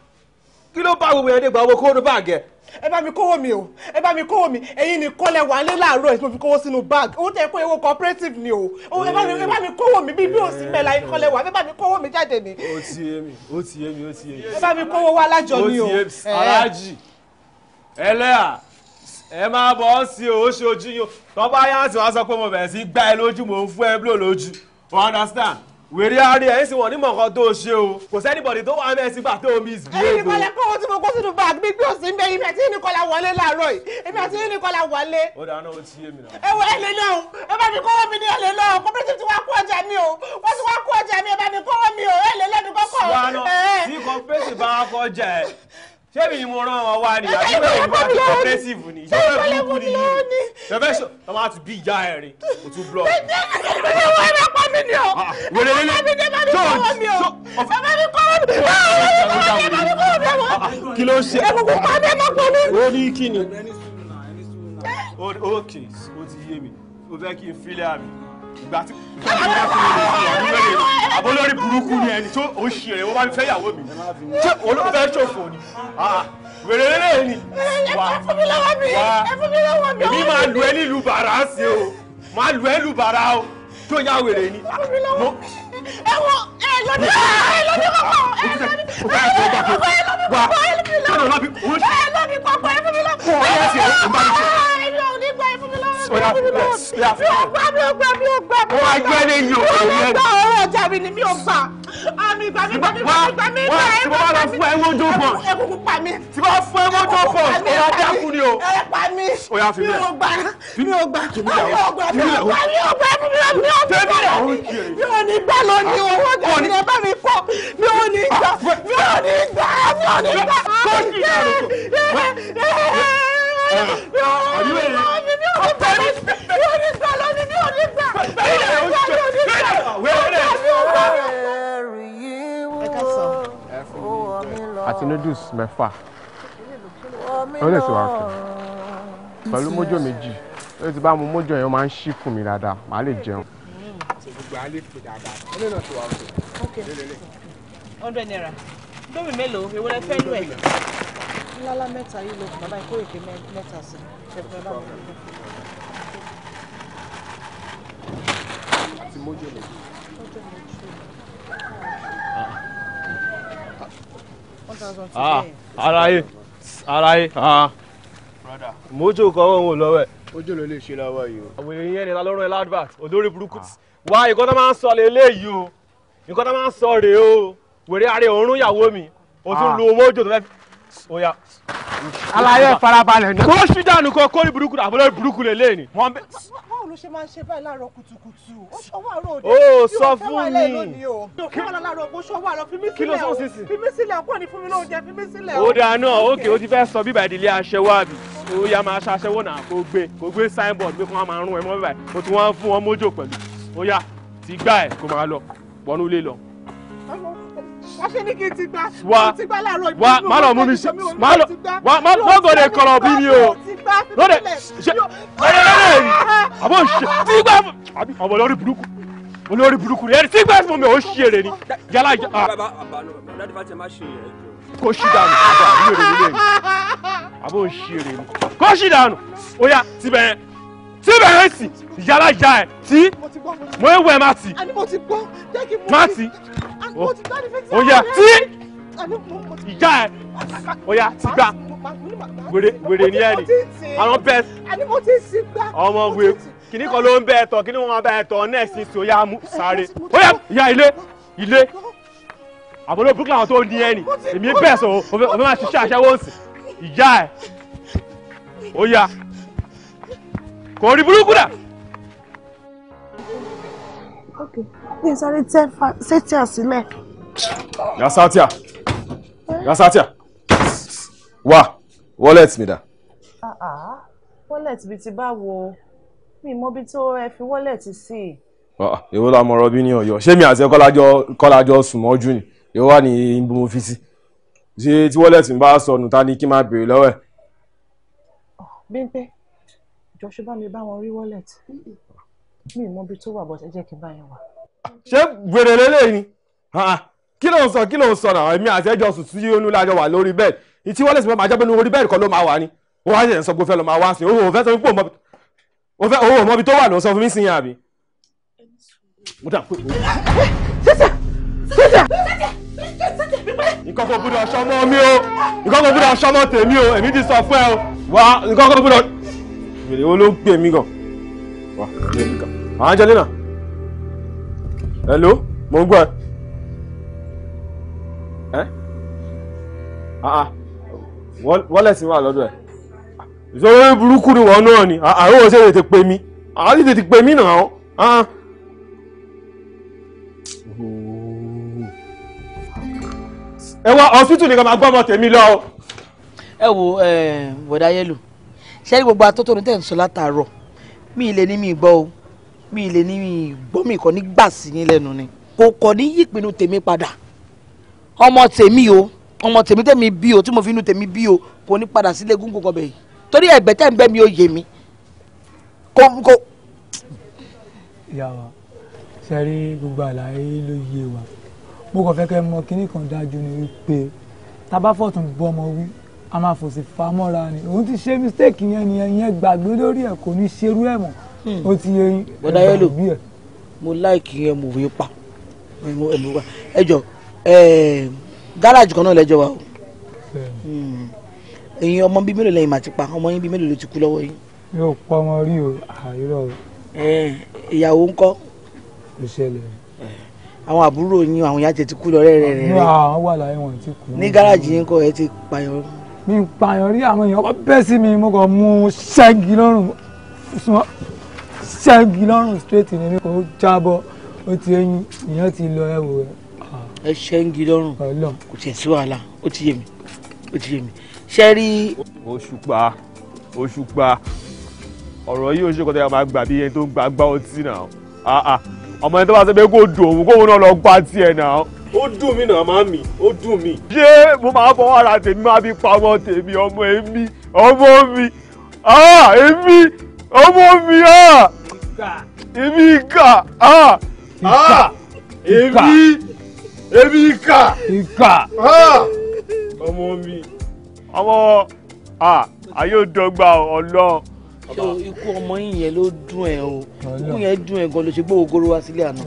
kí ló bá gbogbo yẹn dé gba kóró báàgì ẹ. ẹ bá mi kówó mi o ẹ bá mi kówó mi ẹ̀yin ni kọ́lẹ̀ wà ní láàárọ̀ ẹ̀ fi kówó sínú báàgì owó tẹ̀ kó ewo cooperative ni o ẹ bá mi ẹ bá mi kówó mi bí bí o sì mẹ́la ẹ̀ kọ́lẹ̀ wà ẹ bá mi kówó mi jáde ni. ó ti yé mi ó ti yé mi ó ti yé mi. ẹ bá mi kówó wá alájọ ni o. ó ti yé mi alájì ẹlẹ́à ẹ máa bọ̀ ọ́ sí o ó ṣe ojú yín o tọ́ bá yá sí wàá sọ pé mo bẹ̀rẹ̀ sí gbá ẹ lójú mò ń fún ẹ blò wèrè àárẹ̀ ẹ̀ ń sìn wọ́n ní mọ̀ọ́kan tó o ṣe o kò sẹ́nìbọ̀dì tó wà ń bẹ́ẹ̀ sígbà tó o miss bí o. ẹyin nìkan lẹ kọ́wọ́ tí mo kó sínú bag mi gbé òsín bẹ́ẹ̀ èmi àti nìkan la wọlé láàárọ̀ yìí èmi àti nìkan la wọlé. ó dáa náà ó ti yé mi náà. ẹ wọ ẹlẹ náà o ẹ bá mi kọ́wọ́ mi ní ẹlẹ náà o kọ́pẹ́tì ti wá kó ọjà mi o wọ́n ti wá kó ọjà mi ẹ bá mi kọ́wọ́ mi o ẹlẹ lẹ́nu kọ́kọ́ ṣé mi mo rán wọn wá ni àbí bẹ́ẹ̀ ni wọ́n ti cooperative ni ìjọba burúkú ni yìí bẹ́ẹ̀ sọ wọ́n máa tún bí ìyá ẹ̀ rìn kò tún blọ. bẹ́ẹ̀ ni wọ́n rẹ̀ pọ̀ mí ni o wèrè lélẹ̀ jọ́ọ̀jì jọ́ọ̀jì kí ló ṣe. ẹ̀kúkú pàdé mọ́ pọ̀ mi. ó ní kí ni. ok ó ti yé mi ó fẹ́ kí n fílẹ̀ àmì ìgbà tí àbólórí burúkú ni ẹni tó ò ṣe rẹ̀ wọ́n bá fẹ́ yàwó mi ṣé olóògbé fẹ́ ṣòfò ni wèrè lélẹ̀ ni wà wà èmi máa lu ẹ nílùú bàrà sí o máa lu ẹ nílùú bàrà o tó yá wèrè ni. ẹ wọ ẹ lọdún ẹ lọdún kọkọ ẹ lọdún kọkọ ẹ lọdún kọkọ ẹ lọdún kọkọ ẹ lọdún kọkọ ẹ lọdún kọkọ ẹ lọdún kọkọ ẹ lọdún kọkọ ẹ lọdún kọkọ ẹ lọdún kọkọ ẹ lọdún kọkọ ẹ lọdún kọkọ ẹ lọdún kọkọ ẹ lọdún kọkọ ẹ lọdún kọkọ ẹ ẹ lọdún kọkọ ẹ ẹ lọdún kọkọ ẹ ẹ lọdún kọkọ ẹ ẹ lọdún kọkọ ẹ ẹ lọdún kọkọ ẹ ẹ lọdún kọkọ ẹ ẹ lọdún kọkọ ẹ ẹ lọdún kọkọ ẹ ẹ lọdún kọkọ ẹ ẹ lọdún kọkọ ẹ ẹ lọdún kọkọ ẹ ẹ lọdún kọkọ ẹ yes oya yes oya fún mi. mi ò gbà mi ò gbà mi ò gbà mi ò gbà. wọ́n á gbé ní yìí òkè yẹn. mi ò gbà ọ̀rọ̀ ọjà mi ni mi ò gbà. àmì ìgbà mi gbà mi gbà mi gbà mi gbà mi. tí wọ́n bá lọ fún ẹ̀wọ̀n jó pọ̀. ẹkùnkùn pa mi. tí wọ́n fún ẹ̀wọ̀n jó pọ̀ oya dákun ni o. ẹ pa mi. oya fi mi. mi ò gbà mi ò gbà. mi ò gbà mi ò gbà mi ò gbà mi ò gbà mi ò ní gbà lónìí owó ọjà mi ẹ bá mi fọ mi ò ní gbà mi ò ní gbà mi ò ní gbà. Atinudus wèrè àti noodles mẹ́fà wọ́n lè ṣe wá fún un pẹ̀lú mọ́jọ méjì lórí ti bá mu mọ́jọ yẹn máa ń ṣí fún mi dáadáa màá lè jẹun. hundred naira lórí mélòó èwo lẹ fẹ́ lú ẹ̀ ńláńlá mẹ́ta yìí ló kù bàbá ìkó èké mẹ́ta sí ẹ̀bùn bàbá mi lọ. àti mójú Mojo jù. mójú lè jù. one thousand two hundred. ara yìí ara yìí mójú kọ́ òun ò lọ́wọ́ ẹ̀. mójú ló lè ṣe lọ́wọ́ yìí o. àwọn èèyàn ni lọ́rùn ẹ̀ ládùbàt olórí burúkú wá nǹkan tó máa ń sọ lélẹ́yìí o nǹkan tó máa ń sọ rèé o wèrè àrè òórùn ìyàwó mi o tún ah. lu owó tó fẹ́ oya. alaye farabalẹ̀ náà. kó ṣí dànù kan kórè burúkú àbúrò burúkú lè léyìn. wọ́n bẹ. báwo ló ṣe máa ń ṣe báyìí láàárọ̀ kùtùkùtù ó ṣọwọ́ àárọ̀ òde. ó sọ fún mi. kí ló láàárọ̀ kó ṣọwọ́ àárọ̀ fimi sílẹ̀ o fimi sílẹ̀ kúrò ní fún mi lóúnjẹ fimi sílẹ̀ o. ó dáa náà ókè ó ti fẹ́ sọ bíbá ìdílé aṣẹ́wó àbí ó yá máa ṣaṣẹ́wó náà kó gbé kó gbé signboard pé kí wọ́n máa rún ẹ mọ́ bíbá yìí mo ti wọ́n fún wọn mójó pẹ̀lú ó yá ti gbá ẹ̀ kó máa lọ wọnú ilé lọ wọ́n ṣe ní lọ mú mi ṣe má lọ wá má lọ bí mi o lóde ṣe lóde lóde àbọ̀ ṣe sígbà àbí ọ̀bọ̀ lórí burúkú olórí burúkú rẹ̀ sígbà fún mi ò ṣe èrè ni yálà yálà kó ṣì dànù àbí èrè nílé àbọ̀ ṣe èrè ni kó ṣì dànù ó yá tibẹ̀ tí bẹ̀rẹ̀ ń sì yàrá ya ẹ̀ tí mo ń wẹ̀ má tì má tì ó yá tí ìjà ẹ̀ ó yá ti gbà wèrè wèrè ní ẹ̀ ni àwọn bẹ́ẹ̀ ọmọ wèrè kìnnì kan ló ń bẹ́ẹ̀ tọ̀ kìnnì wọn bẹ́ẹ̀ tọ̀ náà sì so yá mú sáré ó yá ya ilé ilé àbúrò brooklyn àwọn tó ní ẹ̀ ni èmi bẹ́ẹ̀ sọ òfin máa ṣiṣẹ́ àṣẹ́wó ń sìn ìjà ẹ̀ ó yá kò rí burúkú dà. ok ní sáré tẹ sétíà sílẹ̀. ya sátíà ya sátíà wá wallet mi dà. Ah, ah. wallet bíi ti báwo mi mọ bí tó ẹ fi wallet sí i. èwo la mọ rọbí ní Ọ̀yọ́ ṣé mi àti ẹ kọ́lájọ sùn mọ́jú ni èwo wà ní ibi mo fi sí ṣé tí wallet mi bá sọnù ta ni kí n máa béèrè lọ́wọ́ ẹ̀. Oh, Bímpé Joshua ṣe bá mi bá wọn rí wallet mi ì mọ ibi tó wà bọ́t ẹ jẹ́ kí n bá yẹn wà. ṣé wèrè lélẹ́yìn ni kí ló ń sọ kí ló ń sọ náà èmi àti ẹjọ́ sùn sí inú lájọ wà lórí bẹ́ẹ̀ tí wallet mi máa jábẹ́ lórí bẹ́ẹ̀ kọ́ ló máa wà ni wọ́n á ṣẹ̀ṣẹ̀ sọ pé ó fẹ́ lọ máa wá sí owó òfẹ́ sọ fún mi pé owó òmọ́bi tó wà ló ń sọ fún mi sí yẹn àbí. sísè sísè nǹkan kò gbúdọ̀ ṣọmọ mi o nǹkan kò gbúdọ̀ ṣọmọ tèmi o èmi ti sọ fún ẹ o wá nǹkan kò gbúdọ̀ wèrè ó ló ń pè mí gan wà ní ẹ̀mí kan Angelina hello mo ń gbọ́ ẹ ah, ah. wọ́lẹ̀tì wà lọ́dọ̀ ẹ̀ ìṣòro burúkú ni wọ́n náà ni àárò ah, ṣe lè ti pè mí àárò ṣe lè ti pè mí náà. ẹ wá hospital nìkan máa gbọ́ ọmọ tèmi lọ. ẹ wo bọ̀dá yẹlò ṣẹ́rí gbogbo atótónu tẹ̀ ń sọ látàárọ̀ mi ì lè ní mi gbọ́ o mi ì lè ní mi gbọ́ mi kọ́ ní gbà sí yín lẹ́nu ni kò kọ́ ní yí ìpinnu tèmi padà ọmọ tèmi o ọmọ tèmi tèmi bí o tí mo fi inú tèmi bí o kò ní padà sílé gúngùn kan bẹ́ẹ̀ torí ẹ̀gbẹ́ tẹ̀ ń bẹ́ mi ó yé mi kò kò. ìyàwó sẹ́rí gbogbo àlàyé ló yé wa mo kàn fẹ́ kẹ́ mọ kínní kan dájú ni wípé tá a wí a máa fòsì fa mọ́ra ni òun ti ṣe mistake yẹn ni yẹn gbàgbé lórí ẹ̀ kò ní ṣerú ẹ̀ mọ́ hmm. ó ti yẹ gbàgbé ẹ̀. mo láìkì yẹn mo wé pa ẹ jọ gáràjì kan náà lẹjọ wa o ẹ̀yin ọmọ bíi mélòó lẹ́yìn màtí pa ọmọ yín bíi mélòó ló ti kú lọ́wọ́ yín. yóò pa ọmọ rí o àìrọ. ìyàwó ń kọ́. kò ṣẹlẹ̀. àwọn àbúrò yín àwọn ìyá tẹ ti kú lọ rẹ́rẹ́rẹ́. àwọn wà láyé wọn ti kú. ní gáràjì yín kọ́ ẹ ti pààyàn mi ń pààyàn rí àwọn èèyàn kọ́ bẹ́ẹ̀ sí mi mo kàn mú ṣẹ́gi lọ́rùn ṣẹ́gi lọ́rùn straight ni mi kò jábọ́ ó ti ẹyin ìyẹn ti lọ ẹwò ẹ. ẹ ṣẹ́gi lọ́rùn kò tiẹ̀ sí wàhálà ó ti yé mi ó ti yé mi ṣe rí. òṣùpá òṣùpá ọ̀rọ̀ yìí ò ṣe kọ́tà máa gbà bí ẹni tó ń gbà gbá ọtí náà ọmọ ẹni tó bá sọ pé kó dùn òun kóun náà lọ gbá tiẹ̀ náà ó dùn mí náà máa mi ó dùn mí. ṣé mo máa fọwọ́ ara tèmi máa fi pa ọmọ tèmi ọmọ èmi ọmọ mi èmi ọmọ mi èmi ìkà èmi èmi ìkà ìkà ọmọ mi. ọmọ ayé ò dọ́gba ọlọ́run so ikú ọmọ yín yẹn ló dùn ẹ o ikú yẹn dùn ẹ gan ló ṣe gbọ́ ògoro wá sílé àná.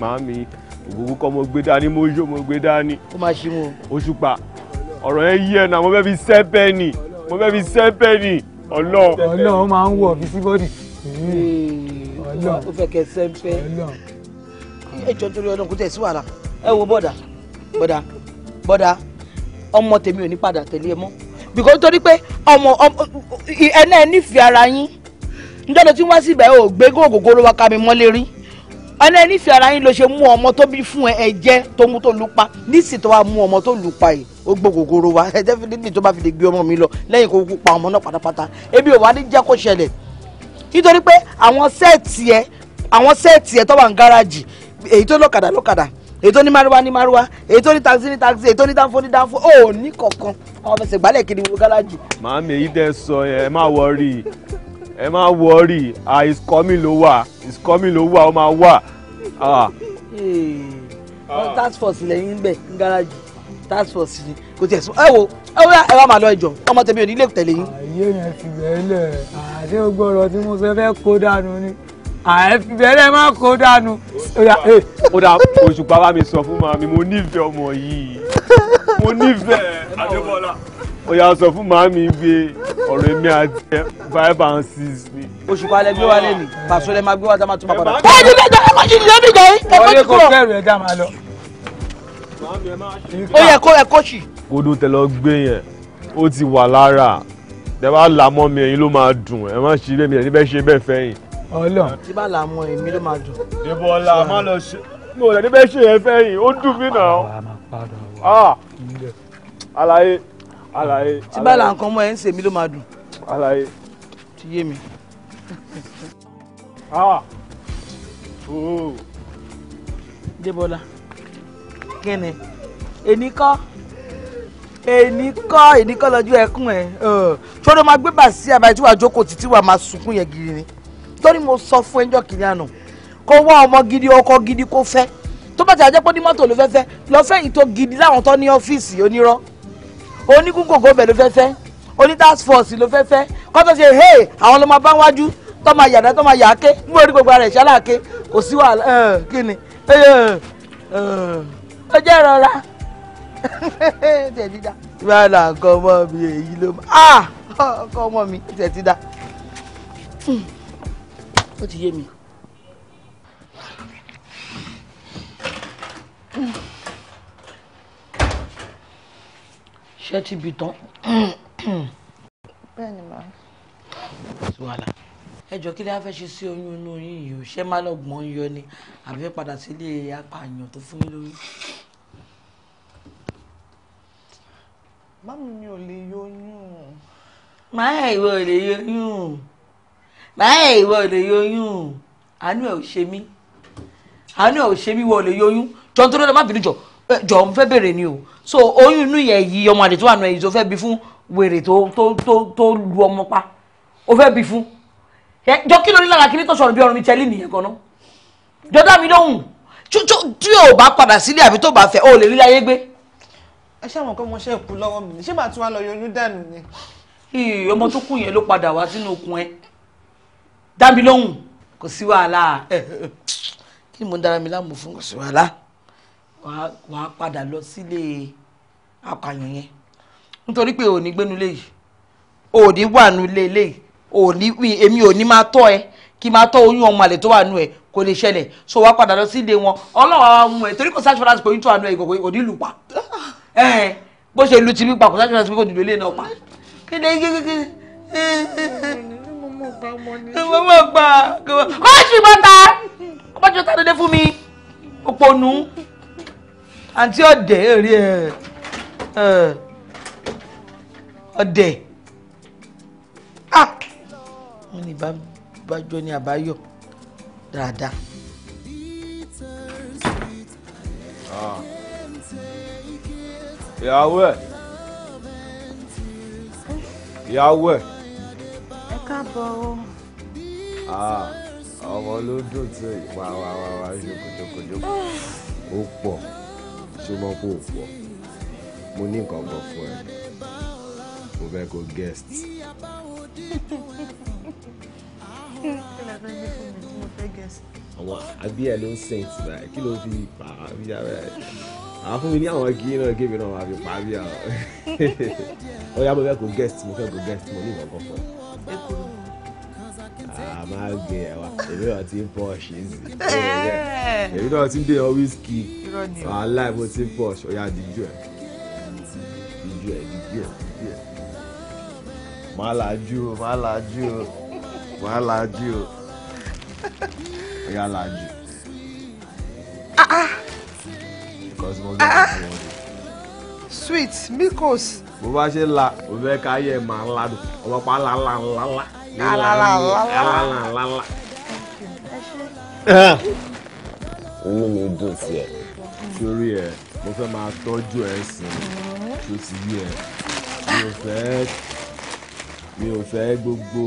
màámi òwúwú kọ́ mo gbé dání mo yó mo gbé dání. ó máa ṣí mu. òṣùpá ọ̀rọ̀ yẹn yí ẹ̀ náà mo fẹ́ fi sẹ́ pẹ́ẹ́nì mo fẹ́ fi sẹ́ pẹ́ẹ́nì ọlọ́. ọlọ́ ó máa ń wọ̀ bí síbọ̀dì. ọlọ́ ó fẹ́ kẹ́ sẹ́ pẹ́. ẹ jọ nítorí ọdún kò tẹ̀ sí wàhálà ẹ wo bọ́dà bọ́dà bọ́dà ọmọ tèmi ò ní padà tẹ̀lé ẹ mọ́ because torí pé ọmọ ẹ náà nífẹ̀ẹ́ ara yín nítorí tí wọ́n sì bẹ̀ ọ́ gbé góògógó ló wá ká mi mọ́lé rí ọ̀nà ẹnìfẹ́ ara yín ló ṣe mú ọmọ tó bí fún ẹ ẹ̀jẹ̀ tó mú tó lupa nísìsiyìí tó wá mú ọmọ tó lupa yìí ó gbọ́ gògòrò wa ẹ definitely tó bá fi lè gbé ọmọ mi lọ lẹ́yìn kó pa ọmọ náà pátápátá ebi ò wá ní jẹ́ kó ṣẹlẹ̀ nítorí pé àwọn sẹ́ẹ̀tì ẹ àwọn sẹ́ẹ̀tì ẹ tó wà ní gáràjì èyí tó lọ́kadà lọ́kadà èyí tó ní márúwá ní márúwá èyí tó ní taxi ní taxi èyí tó ní dánfó ní dánfó ò ní kankan àwọn fẹsẹ̀ gbálẹ̀ kiri wo gáràjì. màámi èyí tẹ sọ ẹ má wọrí ẹ má wọrí à ìsìkọ́mì ló wà ìsìkọ́mì ló wà ó máa wà. task force lẹ́yìn bẹ̀ ń gáràjì task force ni kò tiẹ̀ sùn ẹ wo ẹ wọ́n ẹ wá máa lọ ẹjọ́ ọmọ tẹ̀mí ò ní lè tẹ̀lé yín. ààyè yẹn fi bẹ́ẹ̀ lẹ̀ àti gbọ́dọ̀ tí mo fẹ́ fẹ́ kó dànù ni ààyè fi bẹ́ẹ̀ lẹ̀ má kó dànù. ó dà eh. Òṣùpá bá mi sọ fún màmí mo nífẹ̀ẹ́ ọmọ yìí mo nífẹ̀ẹ́ Adébọ́lá ó yà sọ fún màámi gbé ọ̀rọ̀ èmi àti five and six ni. oṣù kan alẹ́ gbé wa lẹ́nu pàṣẹ lẹ́ máa gbé wa dá máa tún padà. bẹ́ẹ̀ ni bẹ́ẹ̀ ẹ̀kọ́ jù lọ bí gẹ̀ẹ́ ẹ̀kọ́ jù kúrò. ọ̀rẹ́ kò kẹ́rù ẹ̀ dá máa lọ. ó yẹ kó ẹ̀kọ́ sì. kodo tẹ lọ gbé yẹn ó ti wà lára tẹ bá là mọ́ mi ẹ̀yin ló máa dùn ẹ má ṣe lẹ́mi ẹ̀ níbẹ̀ ṣe bẹ́ẹ̀ fẹ́yìn. Ọlọ́run tí bá là mọ́ èmi ló máa dùn. dèbọ̀lá má lọ ṣe mo rẹ̀ níbẹ̀ ṣe yẹn fẹ́yìn ó dùn mí náà. Ah, àlàyé alaye. tí bá la nǹkan mọ ẹ ń ṣe mí ló máa dùn. alaye. ti yé mi. <laughs> Ah. Oh. débọlá kíni èní kọ́ èní kọ́ èní kọ́ lọ́jọ́ ẹkún ẹ̀ oh. ṣọ́dọ̀ máa gbé bàṣí àbáyé tí wàá jókòó títí wàá máa sunkún yẹn gidi ni torí mo sọ fún ẹjọ́ kìíní àná kó wá ọmọ gidi ọkọ gidi kó fẹ́ tó bá ti àjẹpọ̀ ní mọ́tò ló fẹ́ fẹ́ lọ fẹ́ ìtò gidi láwọn tó ní ọ́fíìsì onírọ́ oníkúńkòkò bẹ̀ ló fẹ́ fẹ́ oní task force ló fẹ́ fẹ́ kọ́tọ̀ ṣe hey àwọn ọlọ́mọ bá wájú tọ́ máa yàdá tọ́ máa yà á ké níbo orí gbogbo ara ẹ̀ ṣáláàké kò sí wàhálà kí ni ó jẹ́ ìrora tẹ̀síta ìbára nǹkan ọmọ mi èyí ló máa ah, ọkọ ọmọ mi tẹ̀síta ó ti yé mi. Mm. ṣé ti bì tán. bẹ́ẹ̀ ni màá. wàhálà ẹ jọ kí ni a fẹ́ ṣe sí oyún inú yín yìí o ṣé má lọ́gbọ̀n yọ ni àbí fẹ́ padà sílé apààyàn tó fún yín lórí. mami mi ò lè yọyún. máa ìwọ ò lè yọyún máa ìwọ ò lè yọyún àánú ẹ ò ṣe mí àánú ẹ ò ṣe mí wọ ò lè yọyún jọ nítorí ọlọmọbìnrin jọ jọ ń fẹ́ bèrè ni o so oyún inú yẹn yìí ọmọ àdè tó wà nù ẹ̀yìn tó fẹ́ bí fún wèrè tó tó tó tó lu ọmọ pa ó fẹ́ bí fún jọ kí ló ní lára kí ní tó sọ̀rọ̀ bí ọrùn mi tẹ́lẹ̀ nìyẹn gan-an jọ dá mi lóhùn tí o bá padà sílé àbí tó bá fẹ́ o lè rí láyé gbé. ẹ ṣe àwọn kan mo ṣe kú lọ́wọ́ mi ṣé màá tún wá lọ yọyún dànù ni. ìyè ọmọ tó kù yẹn ló padà wá sínú okùn ẹ dá mi lóhùn kò sí wàhálà <laughs> kí ni mo dára mi láàmú fún kò sí wàhálà wàá padà lọ sílé apààyàn yẹn nítorí pé òní gbénu léyìí òní wà nù léyìí òní èmi òní máa tọ́ ẹ kí máa tọ́ oyún ọmọ àlè tó wà nù ẹ kò lè ṣẹlẹ̀ so wàá padà lọ sílé wọn ọlọ́wàá wa mú ẹ torí kò sáṣọ láti pé oyún tó wà nù ẹ ìkòkò òní lù pa bó ṣe lu ti bí pa kò sáṣọ láti pé kò dùn lélẹ̀ náà pa kéde kékeré mo mọ̀ gbà kó má ṣì bọ́ta kó má ṣì bọ́ta dédé fún mi òpònú àǹtí ọ̀dẹ̀ èrè ẹ̀ ọ̀dẹ̀ ah! wọ́n ní ìbájọ ní àbáyọ dáadáa. Ah! ìyàwó ẹ̀ ìyàwó ẹ̀. ẹ káàbọ̀ o. Ah! ọmọ ló dùn tí ìpa wa wa wa ṣe kòjòkòjò ó pọ̀ súnmọ́ kó pọ̀ mo ní nǹkan kan fún ẹ mo fẹ́ kó guest. àwọn àbí ẹ ló ń saint náà kí ló fi pa àbí ara àwọn fún mi ní àwọn igi náà gébì náà wà fi pa àbí àwọn <laughs> ó mo fẹ́ kó guest mo fẹ́ kó guest mo ní nǹkan kan fún ẹ a ah, máa gbé ẹ wa èmi náà ti ń pọ́ọ̀ṣì ń sìn <laughs> èmi náà ti ń dé always kí wàhálà ìbò ti ń pọ́ọ̀ṣì ọ̀yà díjú ẹ̀ díjú ẹ̀ díjú ẹ̀ díjú ẹ̀ máa lajú o máa lajú o máa lajú o ọ̀yà lajú. Ah, ah. sweet mikos. bó bá ṣe la òun fẹ́ ká yẹ màá ńlá dùn ọmọ pa ńlá ńlá ńlá ńlá. Ah. inú mi dùn sí ẹ sórí ẹ mo fẹ́ máa tọ́jú ẹ sí i tó ti yí ẹ mi ò fẹ́ mi ò gbogbo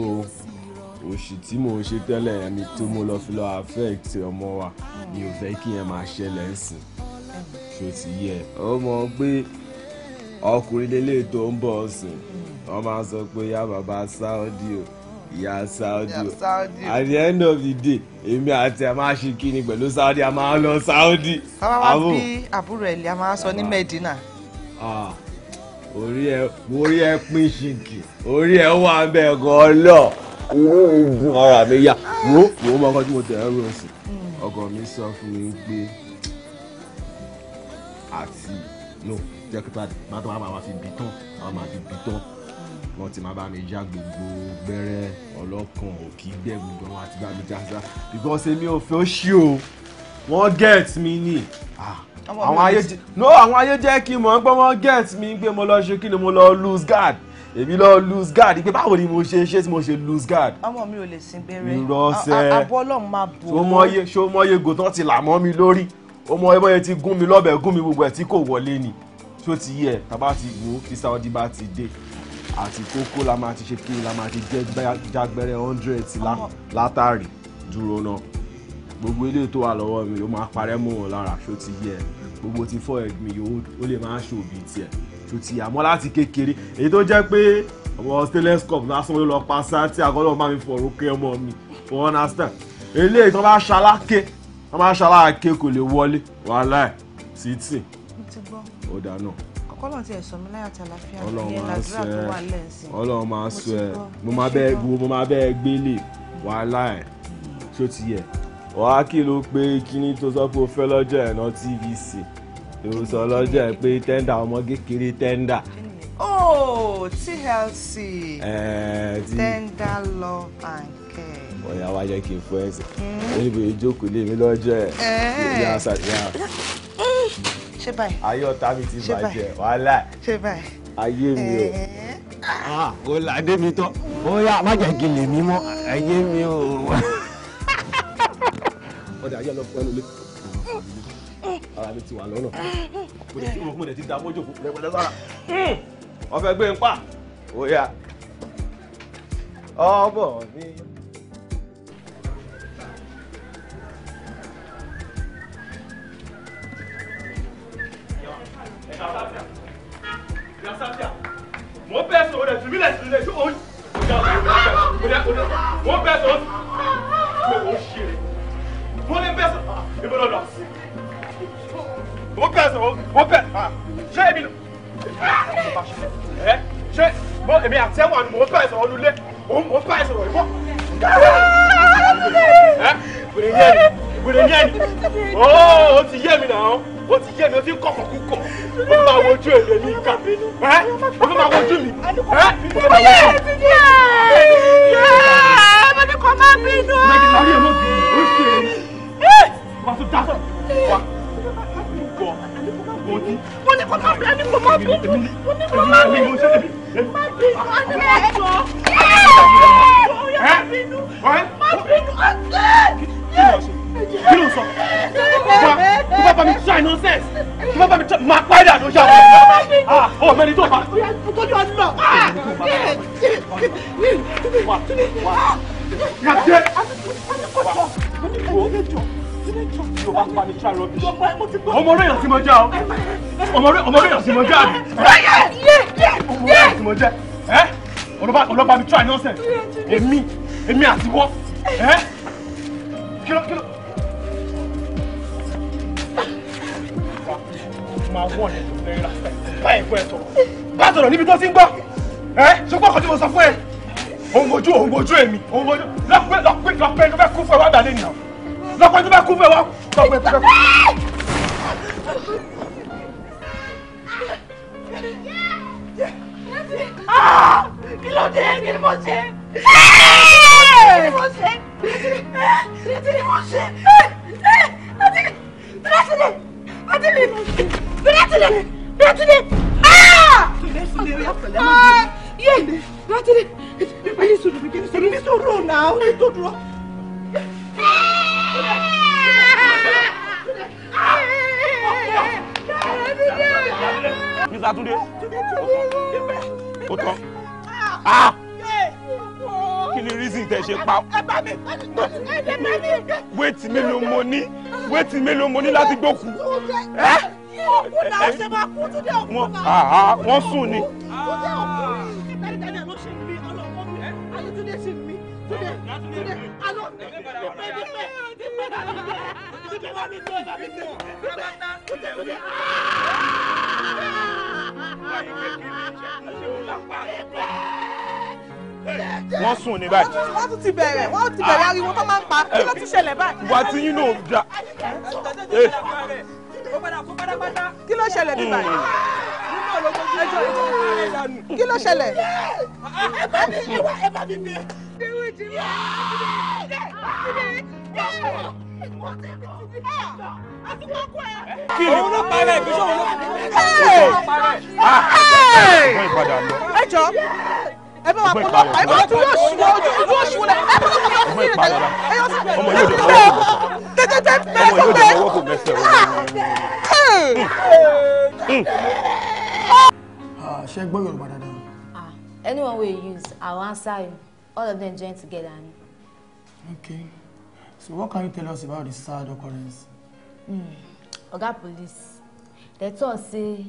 òṣì tí mò ń ṣe tẹ́lẹ̀ yẹn mi tó mo lọ fi lọ affect ọmọ wa mi ò fẹ́ kí yẹn máa ṣẹlẹ̀ ń sìn tó ti yẹ ọ mọ̀ pé ọkùnrin lélẹ̀ tó ń bọ̀ ọ̀sìn wọ́n máa sọ pé yá bàbá sáódì o ìyá saudi o at the end of the day èmi àti ẹ máa ṣe kíni pẹ̀lú saudi a máa lọ saudi. sábà wá bí àbúrò ẹ̀ lè a máa sọ ní medina. orí ẹ orí ẹ pín ṣìnkì orí ẹ wà bẹ́ẹ̀ gan lọ inú ìdùn ọ̀rọ̀ mi yá wo wo mọ ọkọ tí mo tẹ̀ ẹ́ sí hmm. ọkọ mi sọ fún mi pé àti no jẹ́ kí pàdé má tó má máa fi bì tán máa fi bì tán wọ́n ti máa bá mi já gbogbo gbẹ́rẹ́ ọlọ́kàn òkì gbẹ̀gbọ̀n wọn àti bá mi because èmi ò fẹ́ ó ṣí o wọ́n get mi ni ah, àwọn ayé jẹ́ no àwọn ayé jẹ́ kí n mọ̀ pé wọ́n get mi pé mo lọ ṣe kí ni mo lọ lose guard èmi lọ lose guard pé báwo ni mo ṣe ṣe tí mo ṣe lose guard. ọmọ mi ò lè sin gbẹrẹ ìrọsẹ abọ́ ọlọ́run máa gòtán ti là mọ́ mi lórí ó mọ ẹbọ ti gún mi lọ́bẹ̀ gún mi gbogbo ẹ̀ tí kò wọlé ni tí ó ti yẹ tàbá ti wò kí sáwọ́dí bá ti dé àti kókó la máa ti ṣe kí la máa ti jẹ́ jágbẹ́rẹ́ hundred látàrí dúró náà gbogbo ilé tó wà lọ́wọ́ mi ó máa parẹ́ mọ́ wọn lára ṣó ti yẹ gbogbo ti fọ́ ẹ̀gbìn yìí ó lè máa ṣòbí tiẹ̀ ṣó ti yẹ àmọ́ láti kékeré èyí tó jẹ́ pé àwọn stainless cup lásán ló lọ pa sáńtì àgọ́dọ̀ máa mi fọ̀rọ̀ kí ọmọ mi for understand eléyìí tó bá ṣaláké tó bá ṣaláké kò lè wọlé wàhálà ẹ̀ sí tì ó dáná kọ́lọ̀ tí ẹ̀ sọ mi láyàtà àlàáfíà ìyẹn làdúrà tó wà lẹ́sìn. ọlọ́run máa sọ ẹ mo máa bẹ mo máa bẹ gbélé wàhálà ẹ tó ti yẹ wàá kí ló pé kíní tó sọ pé o fẹ́ lọ́jọ́ ẹ̀ náà tvc ló sọ lọ́jọ́ ẹ̀ pé tẹ́ndà ọmọ kékeré tẹ́ndà. oh tlc tender love and care. ọ̀yà wa jẹ́ kí n fún ẹ̀sìn. ó ní bèrè jókòó lé mi lọ́jọ́ ẹ̀ ṣé báyìí. ayé ọ̀tá mi ti bàjẹ́ wàhálà. ṣé báyìí. ayé mi o kò ah, ládé mi tán ó yá má jẹ́ kí lè mí mọ́ ayé mi o. <laughs> ọ̀dà ayé ọlọ́pàá ẹnu lé ara mi ti wà lọ́nà mo dẹ̀ ti da mọ́jò fún pẹ̀lẹ́pẹ̀lẹ́ sára ọ̀fẹ́ gbé ń pa ó yá ọ̀bọ̀ mi. Yasafia. Yasafia. Mo bẹ sọ̀rọ̀ rẹ̀ tùmí lẹ̀ sílẹ̀ ṣé o ń jà o dẹ o dẹ mo bẹ sọ̀rọ̀ pé o ó ti yẹ mi ó ti ń kọ̀kọ̀ kúkọ̀ ó fi máa wojú èlé ní ìka ẹ́ ó fi máa wojú mi ẹ́ ó fi máa wojú mi. ọmọ máa bínú. ọmọ mi lárí ọmọ mi ó ṣe é wàá tún dá wa kúkọ mo ní. mo ní kò máa bínú mo ní máa bínú mo ní kò máa bínú má bínú àti ẹ̀jọ̀ ẹ̀jọ̀ ó yẹ má bínú má bínú àti kí ló sọ bá bá mi try nonsense kí bá bá mi try máa pa ẹ̀dá àdójà wọn. ah ọ mẹni tó bá. tọ́jú wa nínú. wà wà yàtẹ. ọmọ rẹ̀ yàn sí mo já o ọmọ rẹ̀ yàn sí mo já o. ọmọ rẹ̀ yàn sí mo já ẹ ọlọ́ba mi try nonsense èmi èmi àtiwọ́ ẹ kí ló kí ló. máa wọ̀ ní ẹ̀dùn báyìí fún ẹ̀tọ́ bá sọ̀rọ̀ níbi tó ti ń gbọ́ ẹ ṣùgbọ́n ọkọ̀ tí mo sọ fún ẹ òun mojú òun mojú èmi òun mojú lọ́pẹ́ lọ́pẹ́ lọ́pẹ́ tó fẹ́ kú fún ẹ wá dàlẹ́ nìyàwó lọ́pẹ́ tó fẹ́ kú fún ẹ wá lọ́pẹ́ tó fẹ́ kú. kí ló dé kí ni mo ṣe kí ni mo ṣe kí ni mo ṣe. Adele! Adele! Adele! Bírátúndé Bírátúndé yé Bírátúndé pípẹ́ ní sùúrù pípẹ́ ní sùúrù ní sùúrù náà ó ní tó dúró. Mr. Túndé ó tán kí ni reason tẹ ṣe pa wéètì mélòó mo ní wéètì mélòó mo ní láti gbókù òkú náà ṣe máa kú wọ́n sùn ni. wọ́n sùn ní báyìí. wọ́n tún ti bẹ̀rẹ̀ wọ́n ti bẹ̀rẹ̀ ariwo tó máa ń pa kí ló ti ṣẹlẹ̀ báyìí. wà á ti yín náà dá ó padà kú pátápátá. kí ló ṣẹlẹ̀ bíbá yìí. kí ló ṣẹlẹ̀. ẹ bá mi ẹ bí. ewu ti ẹ jọ ẹ bá wa kọ lọ ẹ bá wa dúró ojú ojú oṣù rẹ ẹ bá wa kọ lọ sí ìrìn àjò ẹ yọ sí ọmọ yóò dé ọwọ́ kò tètè tẹ bẹ́ẹ̀ kò bẹ́ẹ̀ ọmọ yóò dé ọwọ́ kò mẹsẹ̀ wọ́n. ṣé gbọ́ yorùbá dáadáa. anyone wey you use i will answer you all of them join together. okay so what can you tell us about the sad occurrence. oga mm. police dey talk say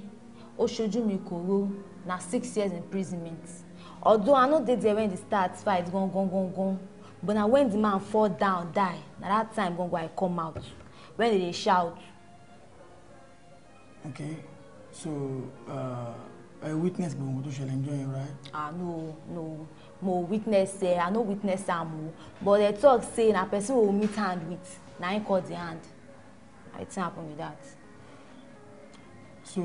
oṣoju mi koro na six years imprisonment although i no dey there when the start fight gon gon gon gon but na when the man fall down die na that time gon go i come out when they dey shout. okay so uh, i witness gbogbo tó ṣẹlẹ̀ njọ́ yẹn right. ah no no mo witness eh i no witness am o oh. but they talk say na person we meet hand with na him cut the hand na wetin happen be that. so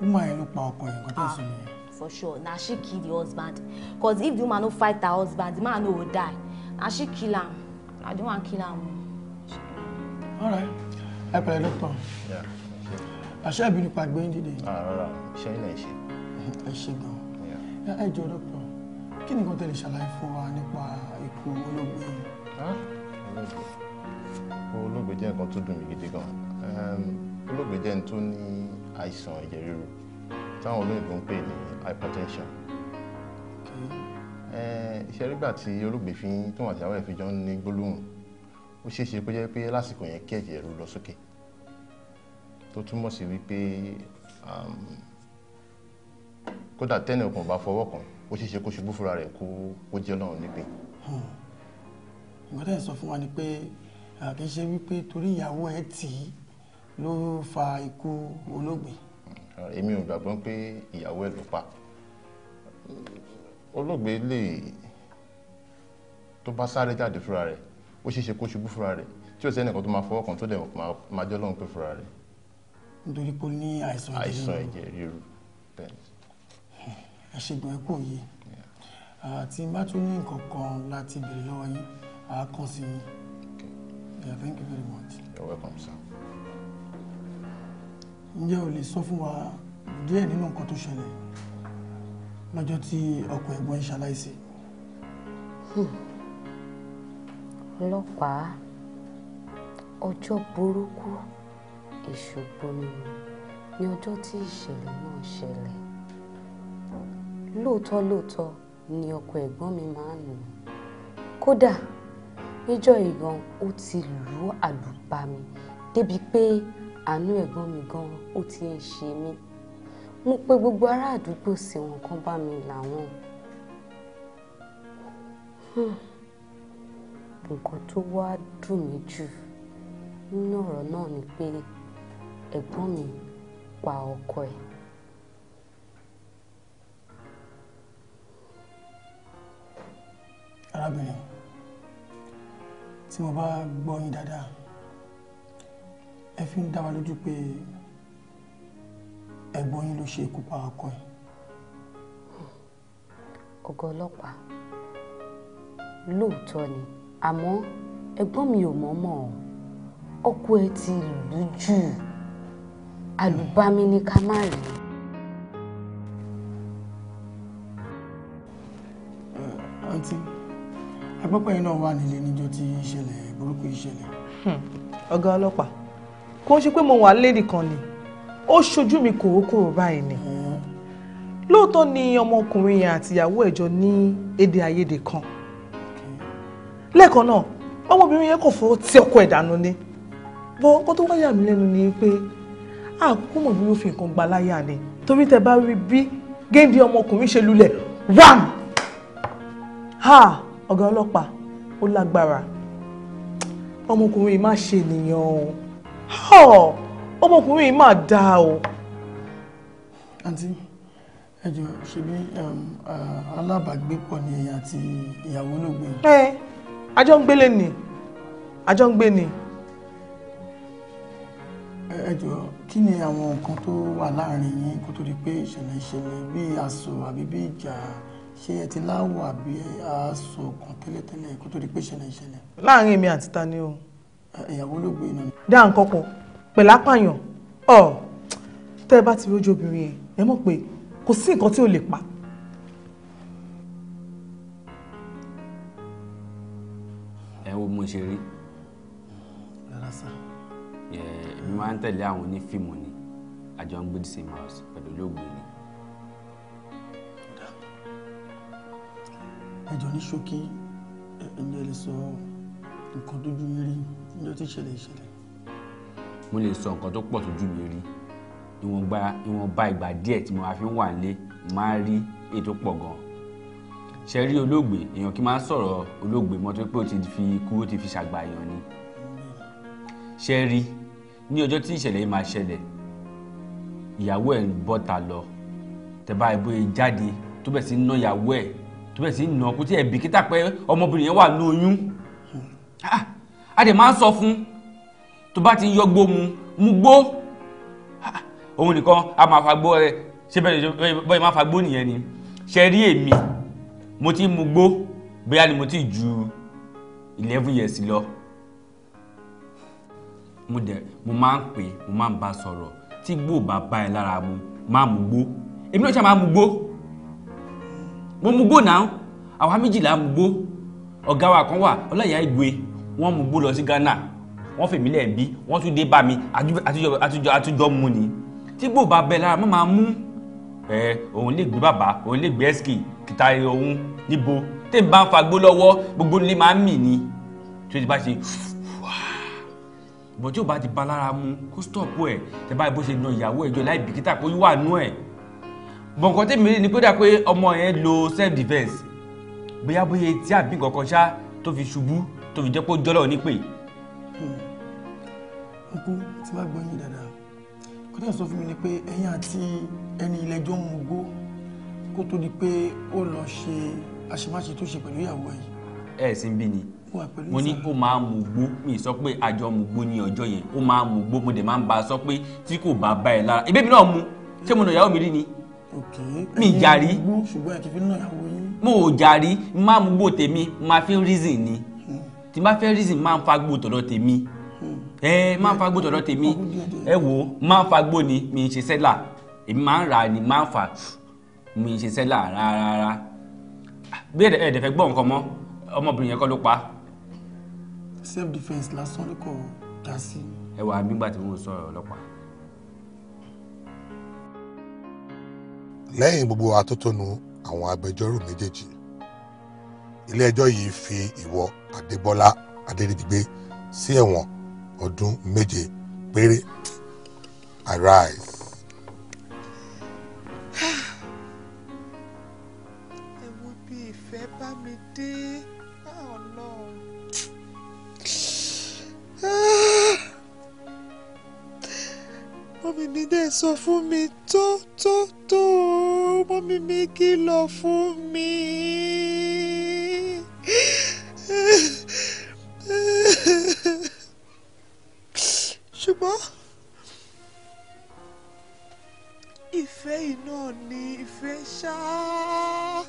woman yẹn ló pa ọkọ yẹn nǹkan tó ń sọ ah for sure na she kill the husband cause if the woman no fight her husband the man no go die na she kill am na the one kill am. alright ẹ pẹ̀lẹ́ doctor àṣẹ ìbínú pa gbẹ̀yìn dìde. Ah, rárá iṣẹ́ ilé ẹ̀ ṣe. ẹ ṣe gan-an ẹ jọ doctor kí ni nǹkan tẹ̀lé ṣàlàyé fún wa nípa ikú olóògbé yìí. olóògbé jẹ́ nǹkan tó dùn mí gidi gan-an olóògbé jẹ́ ní tó ní àìsàn ẹ̀jẹ̀ ríru táwọn olóyìnbó ń pè ní hypertension ìṣẹ́rígbà eh, tí olóògbé fi tó àti àwọn ẹ̀fí jọ ń ní gbólóhùn ó ṣeé ṣe kó jẹ́ pé lásìkò yẹn kí ẹ̀jẹ̀ ló lọ sókè tó túmọ̀ sí wípé um, kódà tẹ́nì ọkàn bá fọwọ́ kàn ó ṣeé ṣe kó ṣubú fúnra rẹ̀ kó kó jẹ́ ọlọ́run nípe. ìgbọ́dọ̀ hmm. sọ fún wa ni pé kì í ṣe wípé torí ìyàwó ẹ tì í ló fa ikú olóògbé èmi ò gbàgbọ́ pé ìyàwó ẹ̀ ló pa olóògbé lè tó bá sáré jáde fúnra rẹ̀ ó ṣeé ṣe kó ṣubú fúnra rẹ̀ tí ó sẹ́nìkan tó máa fọwọ́ kan tó dẹ̀ máa jọ́ lọ́hùn pé fúnra rẹ̀. nítorí pé ó ní àìsàn ẹ̀jẹ̀ ríru àìsàn ẹ̀jẹ̀ ríru bẹ́ẹ̀. ẹ ṣe gbọ́n ẹ kú òye àti bá tún ní nǹkan kan láti béèrè lọ́wọ́ yín àá yín. Yeah, thank you very much. You're welcome, sir ǹjẹ́ o lè sọ fún wa díẹ̀ nínú nǹkan tó ṣẹlẹ̀ lọ́jọ́ tí ọkọ ẹ̀gbọ́n ṣaláìsí. Hmm. ọlọ́pàá ọjọ́ burúkú ìṣògbó ni ní ọjọ́ tí ìṣẹ̀lẹ̀ náà ṣẹlẹ̀ lóòótọ́ lóòótọ́ ni ọkọ ẹ̀gbọ́n mi máa ń nù kódà níjọ́ ìran ó ti lù ú àlùbami débi pé àánú ẹ̀gbọ́n mi gan ó ti ń ṣe mí mo pe gbogbo ará àdúgbò sí wọn kán bá mi làwọn hmm. nǹkan tó wá dùn mí jù nínú ọ̀rọ̀ náà ni pé ẹ̀gbọ́n mi pa ọkọ ẹ̀. arábìnrin tí mo bá gbọ́ yín dáadáa ẹ fi ń dá wa lójú pé ẹ̀gbọ́n yín ló ṣe ikú pa ọkọ ẹ̀. ọ̀gá ọlọ́pàá lóòótọ́ ni àmọ́ ẹ̀gbọ́n mi ò mọ̀ọ́mọ̀ ọkọ ẹ̀ ti lù jù àlùbami ni ká má rí i. àǹtí agbọ́pọ̀ yìí wà nílé níjọ́ tí ìṣẹ̀lẹ̀ burúkú ìṣẹ̀lẹ̀. Hmm. ọ̀gá ọlọ́pàá kò ń ṣe pé mo wà lédì kan ni ó ṣojú mi kòrókòrò báyìí ni lóòótọ́ ni ọmọkùnrin yẹn àtìyàwó ẹ̀jọ ní èdè àìyedè kan lẹ́ẹ̀kan náà ọmọbìnrin yẹn kò fọwọ́ tí ọkọ ẹ̀ ni bọ́ nǹkan tó wáyà mí lẹ́nu ni pé àkókò mọ̀ bí ó fi nǹkan gba láyà ni torí tẹ bá rí bí géńdé ọmọkùnrin ṣe lulẹ̀ wham ha ọ̀gá ọlọ́pàá ó lágbára ọmọkùnrin má ṣe nìyẹn o ọmọkùnrin yìí máa dáa o. àǹtí ẹjọ ṣebí um, alábàágbépọ̀ ni ẹ̀yin àti ìyàwó olóògbé. ẹ àjọ ń gbélé ni àjọ ń gbé ni. ẹjọ kí ni àwọn nǹkan tó wà láàrin yín kó tó di pé ìṣẹ̀lẹ̀ ìṣẹ̀lẹ̀ bíi àsọ àbí bíi ìjà ṣé ẹ ti láwọ̀ àbí àsọ kan tẹ́lẹ̀tẹ́lẹ̀ kó tó di pé ìṣẹ̀lẹ̀ ìṣẹ̀lẹ̀. láàrin èmi àti ta ni o ìyàwó ló gbé iná. dá nǹkan pọ̀ pẹ̀lú apààyàn ọ̀ tẹ́ ẹ bá ti rójú obìnrin yẹn ẹ mọ̀ pé kò sí nǹkan tí ò lè pa. ẹ wo mo ṣe rí. rárá sá. ẹ mi máa ń tẹ̀lé àwọn onífíìmù ni àjọ ń gbé the same house pẹ̀lú olóògbé ni. ẹjọ ní ṣókí ẹ ǹjẹ́ lè sọ nǹkan tójú yín rí ní o ti ṣẹlẹ̀ ìṣẹlẹ̀. mo lè sọ nǹkan tó pọ̀ tó jù mí rí ìwọ̀nba ìwọ̀nba ìgbà díẹ̀ tí mo máa fi ń wà nílé máa rí èyí tó pọ̀ gan-an ṣe rí olóògbé èèyàn kí n máa sọ̀rọ̀ olóògbé mọ́tò pé ó ti fi ikú ó ti fi ṣàgbà èèyàn ni ṣe rí ní ọjọ́ tí ìṣẹ̀lẹ̀ yìí máa ṣẹlẹ̀ ìyàwó ẹ̀ ń bọ́ta lọ tẹ́bá ìbò yìí jáde tó bẹ̀ sí ń ná ìyàwó ẹ̀ tó bẹ̀ sí ń ná kó tí ẹ̀ bìkítà pé ọmọbìnrin yẹn wà ní oyún hmm. ah! a dẹ̀ máa ń sọ fún tó bá ti ń yọgbó mu mu gbó òun nìkan a máa fa gbó rẹ ṣé bẹ́ẹ̀ máa fa gbó nìyẹn ni ṣe rí èmi mo ti mu gbó bóyá ni mo ti ju eleven years lọ mo dẹ̀ mo máa ń pè mo máa ń bá sọ̀rọ̀ tí gbó bá bá ẹ lára mu máa mu gbó èmi náà ṣe máa mu gbó mo mu gbó náà àwa méjìlá mu gbó ọ̀gá wa kan wà ọláyà igwe wọ́n mú gbó lọ sí Ghana wọ́n fèmí lẹ̀ bí wọ́n tún dé bá mi àtújọ àtújọ mú ni tí gbò bá bẹ lára mo máa mú ẹ òun lè gbé bàbá òun lè gbé ẹ́sìkì kìtà òun níbo tí n bá ń fagbó lọ́wọ́ gbogbo nílé máa ń mì ni tí o ti bá ṣe bọ̀ tí o bá ti ba lára mu kó stọ̀pù ẹ̀ tẹ báyìí bó ṣe na ìyàwó ẹ̀jọ́ láì bìkítà pé yóò wà nú ẹ̀ bọ̀ nǹkan tèmi rí ni pé dà pé ọmọ yẹn lo self defence bóyá bóyá etí àbí nǹkan kan ṣá tó fi ṣubú tó fi jẹ́ pé ó jọ́lọ̀ nípè. nkú tí bá gbọ́ yín dáadáa kó tẹ̀ sọ fún mi ni pé ẹ̀yin àti ẹni ilé ẹjọ́ mú gbó kó tó di pé ó lọ ṣe àṣemáṣe tó ṣe pẹ̀lú ìyàwó ẹ̀. ẹ sì ń bí ni mo ní ó máa mú mi sọ pé àjọ mú gbó ní ọjọ́ yẹn ó máa mú gbó mo dẹ̀ máa ń bá a sọ pé tí kò bá bá ẹ lára ìbébi náà mu ṣé mo nà ìyàwó mi rí ni mi jàrí mo ò jàrí má mú gbó tèmi máa fi reason ni tí n bá fẹ́ reason máa ń fagbó tọ̀dọ̀ tèmi ẹ hmm. eh, máa ń fagbó tọ̀dọ̀ tèmi ẹ wò ó máa ń fagbó ni mi ń ṣe sẹ́là èmi máa ń rà ni máa ń fà mi ń ṣe sẹ́là rárá bí ẹ̀dẹ̀ fẹ́ gbọ́ nǹkan mọ́ ọmọbìnrin yẹn kọ́ ló pa. self defence lásán ló kọ dá sí. ẹ wà nígbà tí wọn sọ̀rọ̀ ọlọ́pàá. lẹ́yìn gbogbo atótónu àwọn agbẹjọ́rò méjèèjì ilé-ẹjọ́ yìí fi ìwọ adébọ́lá adédìgbé sí ẹ̀wọ̀n ọdún méje péré arise. mi sọ fún mi tó tó tó mọ́mí mi kìlọ̀ fún mi. ṣùgbọ́n ìfẹ́ iná ni ìfẹ́ ṣáá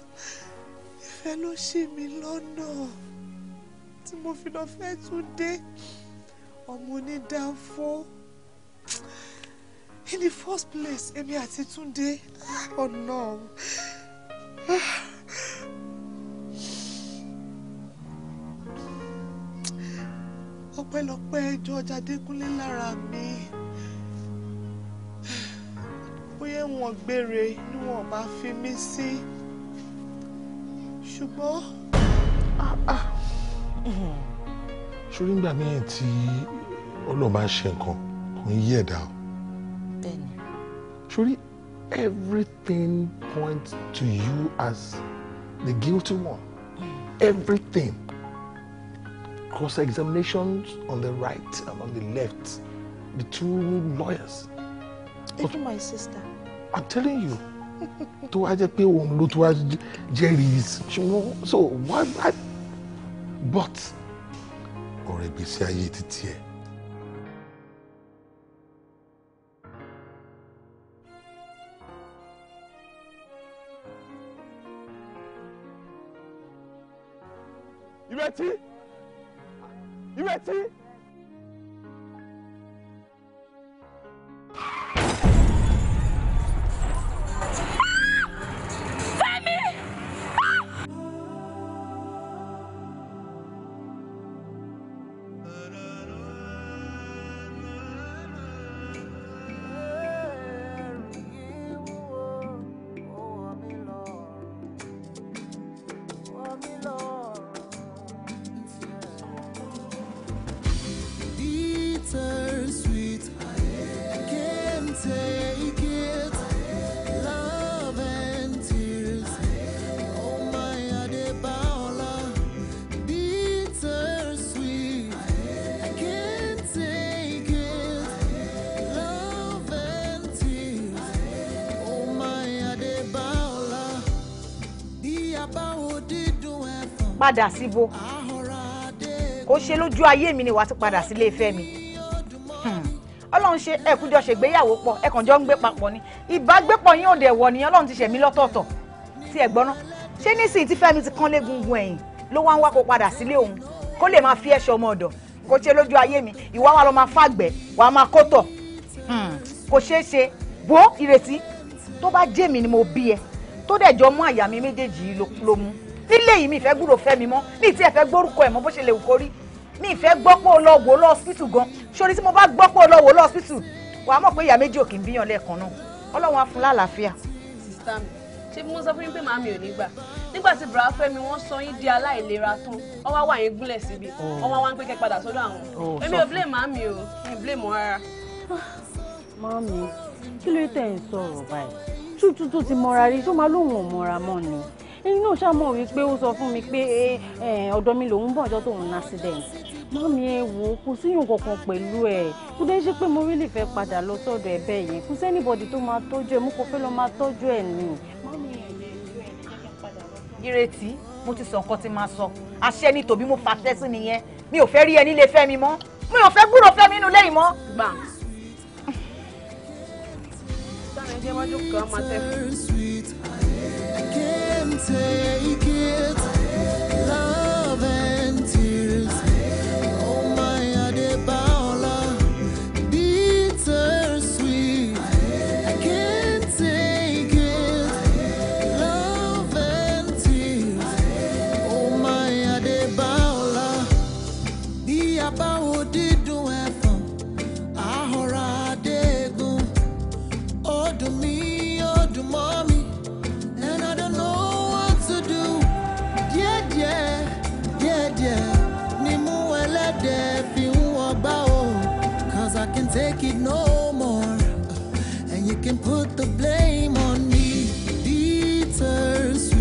ìfẹ́ ló ṣì mí lọ́nà tí mo fi lọ fẹ́ tún dé ọmọ onídàáfọ́ in the first place èmi àti Túndé oh no. ọpẹ́lọpẹ́ George Adékúnlé lára mi bóyá wọn gbére ni wọn bá fi mí sí ṣùgbọ́n. ṣorí ń gbà míì tí Ọlọ́run bá ń ṣe nǹkan kò ń yí ẹ̀dá o bẹ́ẹ̀ni. sori everything points to you as the guilty one everything cross examinations on the right and on the left the two lawyers. even my sister. i'm telling you <laughs> tó wá jẹ́ pé òun ló tó wá jẹ́rìí ṣùgbọ́n so why why but ọ̀rẹ́ gbèsè ayé títí ẹ̀ ìrètí ìrètí. padà síbo kò ṣe lójú ayé mi ni wàá ti padà sílé ìfẹ́ mi hmm. ọlọ́run ṣe ẹ̀kújọ ṣègbéyàwó pọ̀ ẹ̀kàn jọ ń gbé papọ̀ ni ìbágbépọ̀ yín òde ẹ̀wọ̀ nìyẹn ọlọ́run ti ṣẹ̀mí lọ́tọ̀ọ̀tọ̀ tí ẹ̀ gbọ́ná ṣé nísìnyí tí fẹ́mi ti kán légungun ẹ̀yìn ló wá ń wá kó padà sílé òun kó lè máa fi ẹ̀ṣọ́ ọmọ ọ̀dọ̀ kó ṣe lójú ayé mi ìwà wa lọ máa fàgbẹ́ wà á máa kótọ̀ hmm. kò ṣeé ṣe bó ìrètí tó bá jẹ́ mi ni mo bí ẹ tó dẹ̀ jọ mú àyà mi méjèèjì ló nílé yìí mi ìfẹ́ gbúrò fẹ́ mi mọ́ mi ìtí ẹ̀ fẹ́ gbórúkọ ẹ̀ mọ́ bó ṣe lè wù kó rí mi ìfẹ́ gbọ́ pé o lọ wò lọ ọsibítù gan sórí tí mo bá gbọ́ o lọ wò lọ ọsibítù wà á mọ̀ pé ìyá méjì ò kì í bíyàn lẹ́ẹ̀kan náà ọlọ́run á fún lálàáfíà. sísá mi ṣé bí mo sọ fún yín pé màá mi ò ní gbà nígbà tí bùrọ̀ afẹ́ mi wọ́n sọ yín di aláìlera tán wọ́n wá wà yín gúnlẹ̀ síbi oh. wọ́n wá ń pé kẹ́ padà sọ́dọ̀ àwọn oh, èmi ò blame màá mi ò mi blame wọn rárá. mọ́mí kí ló tẹ̀ ń sọ̀rọ̀ báyìí tútù tó ti mọ́ra rí tó máa lóun ò mọ́ra mọ́ ni èyí náà ṣáà mọ̀ wípé ó sọ fún mi pé ọ̀dọ̀ mi lòún bọ̀ ọjọ́ tóun ní accident mọ́mí ẹ wò ó kò síyàn kankan pẹ̀lú ẹ̀ kó dé ṣe pé mo rí lè fẹ́ padà lọ sọ́dọ̀ ẹ̀ bẹ́ẹ̀ yẹn kò sẹ́nìbọ̀dì tó máa tọ́jú ẹ̀ mú kó fẹ́ lọ máa tọ́jú ẹ̀ nì. ìrètí mo ti sọ nǹkan tí máa sọ àṣẹ ni tòbí mo fàṣẹ sí nìyẹn mi ò fẹ́ rí ẹ nílé fẹ́ mi mọ́ mi ò fẹ́ gbúrò fẹ́ mi inú lẹ́yìn mọ́. gbà. sáré jẹ́ wájú kan máa tẹ́ fún mi. and take it. Love and take it no more. And you can put the blame on me. Dieter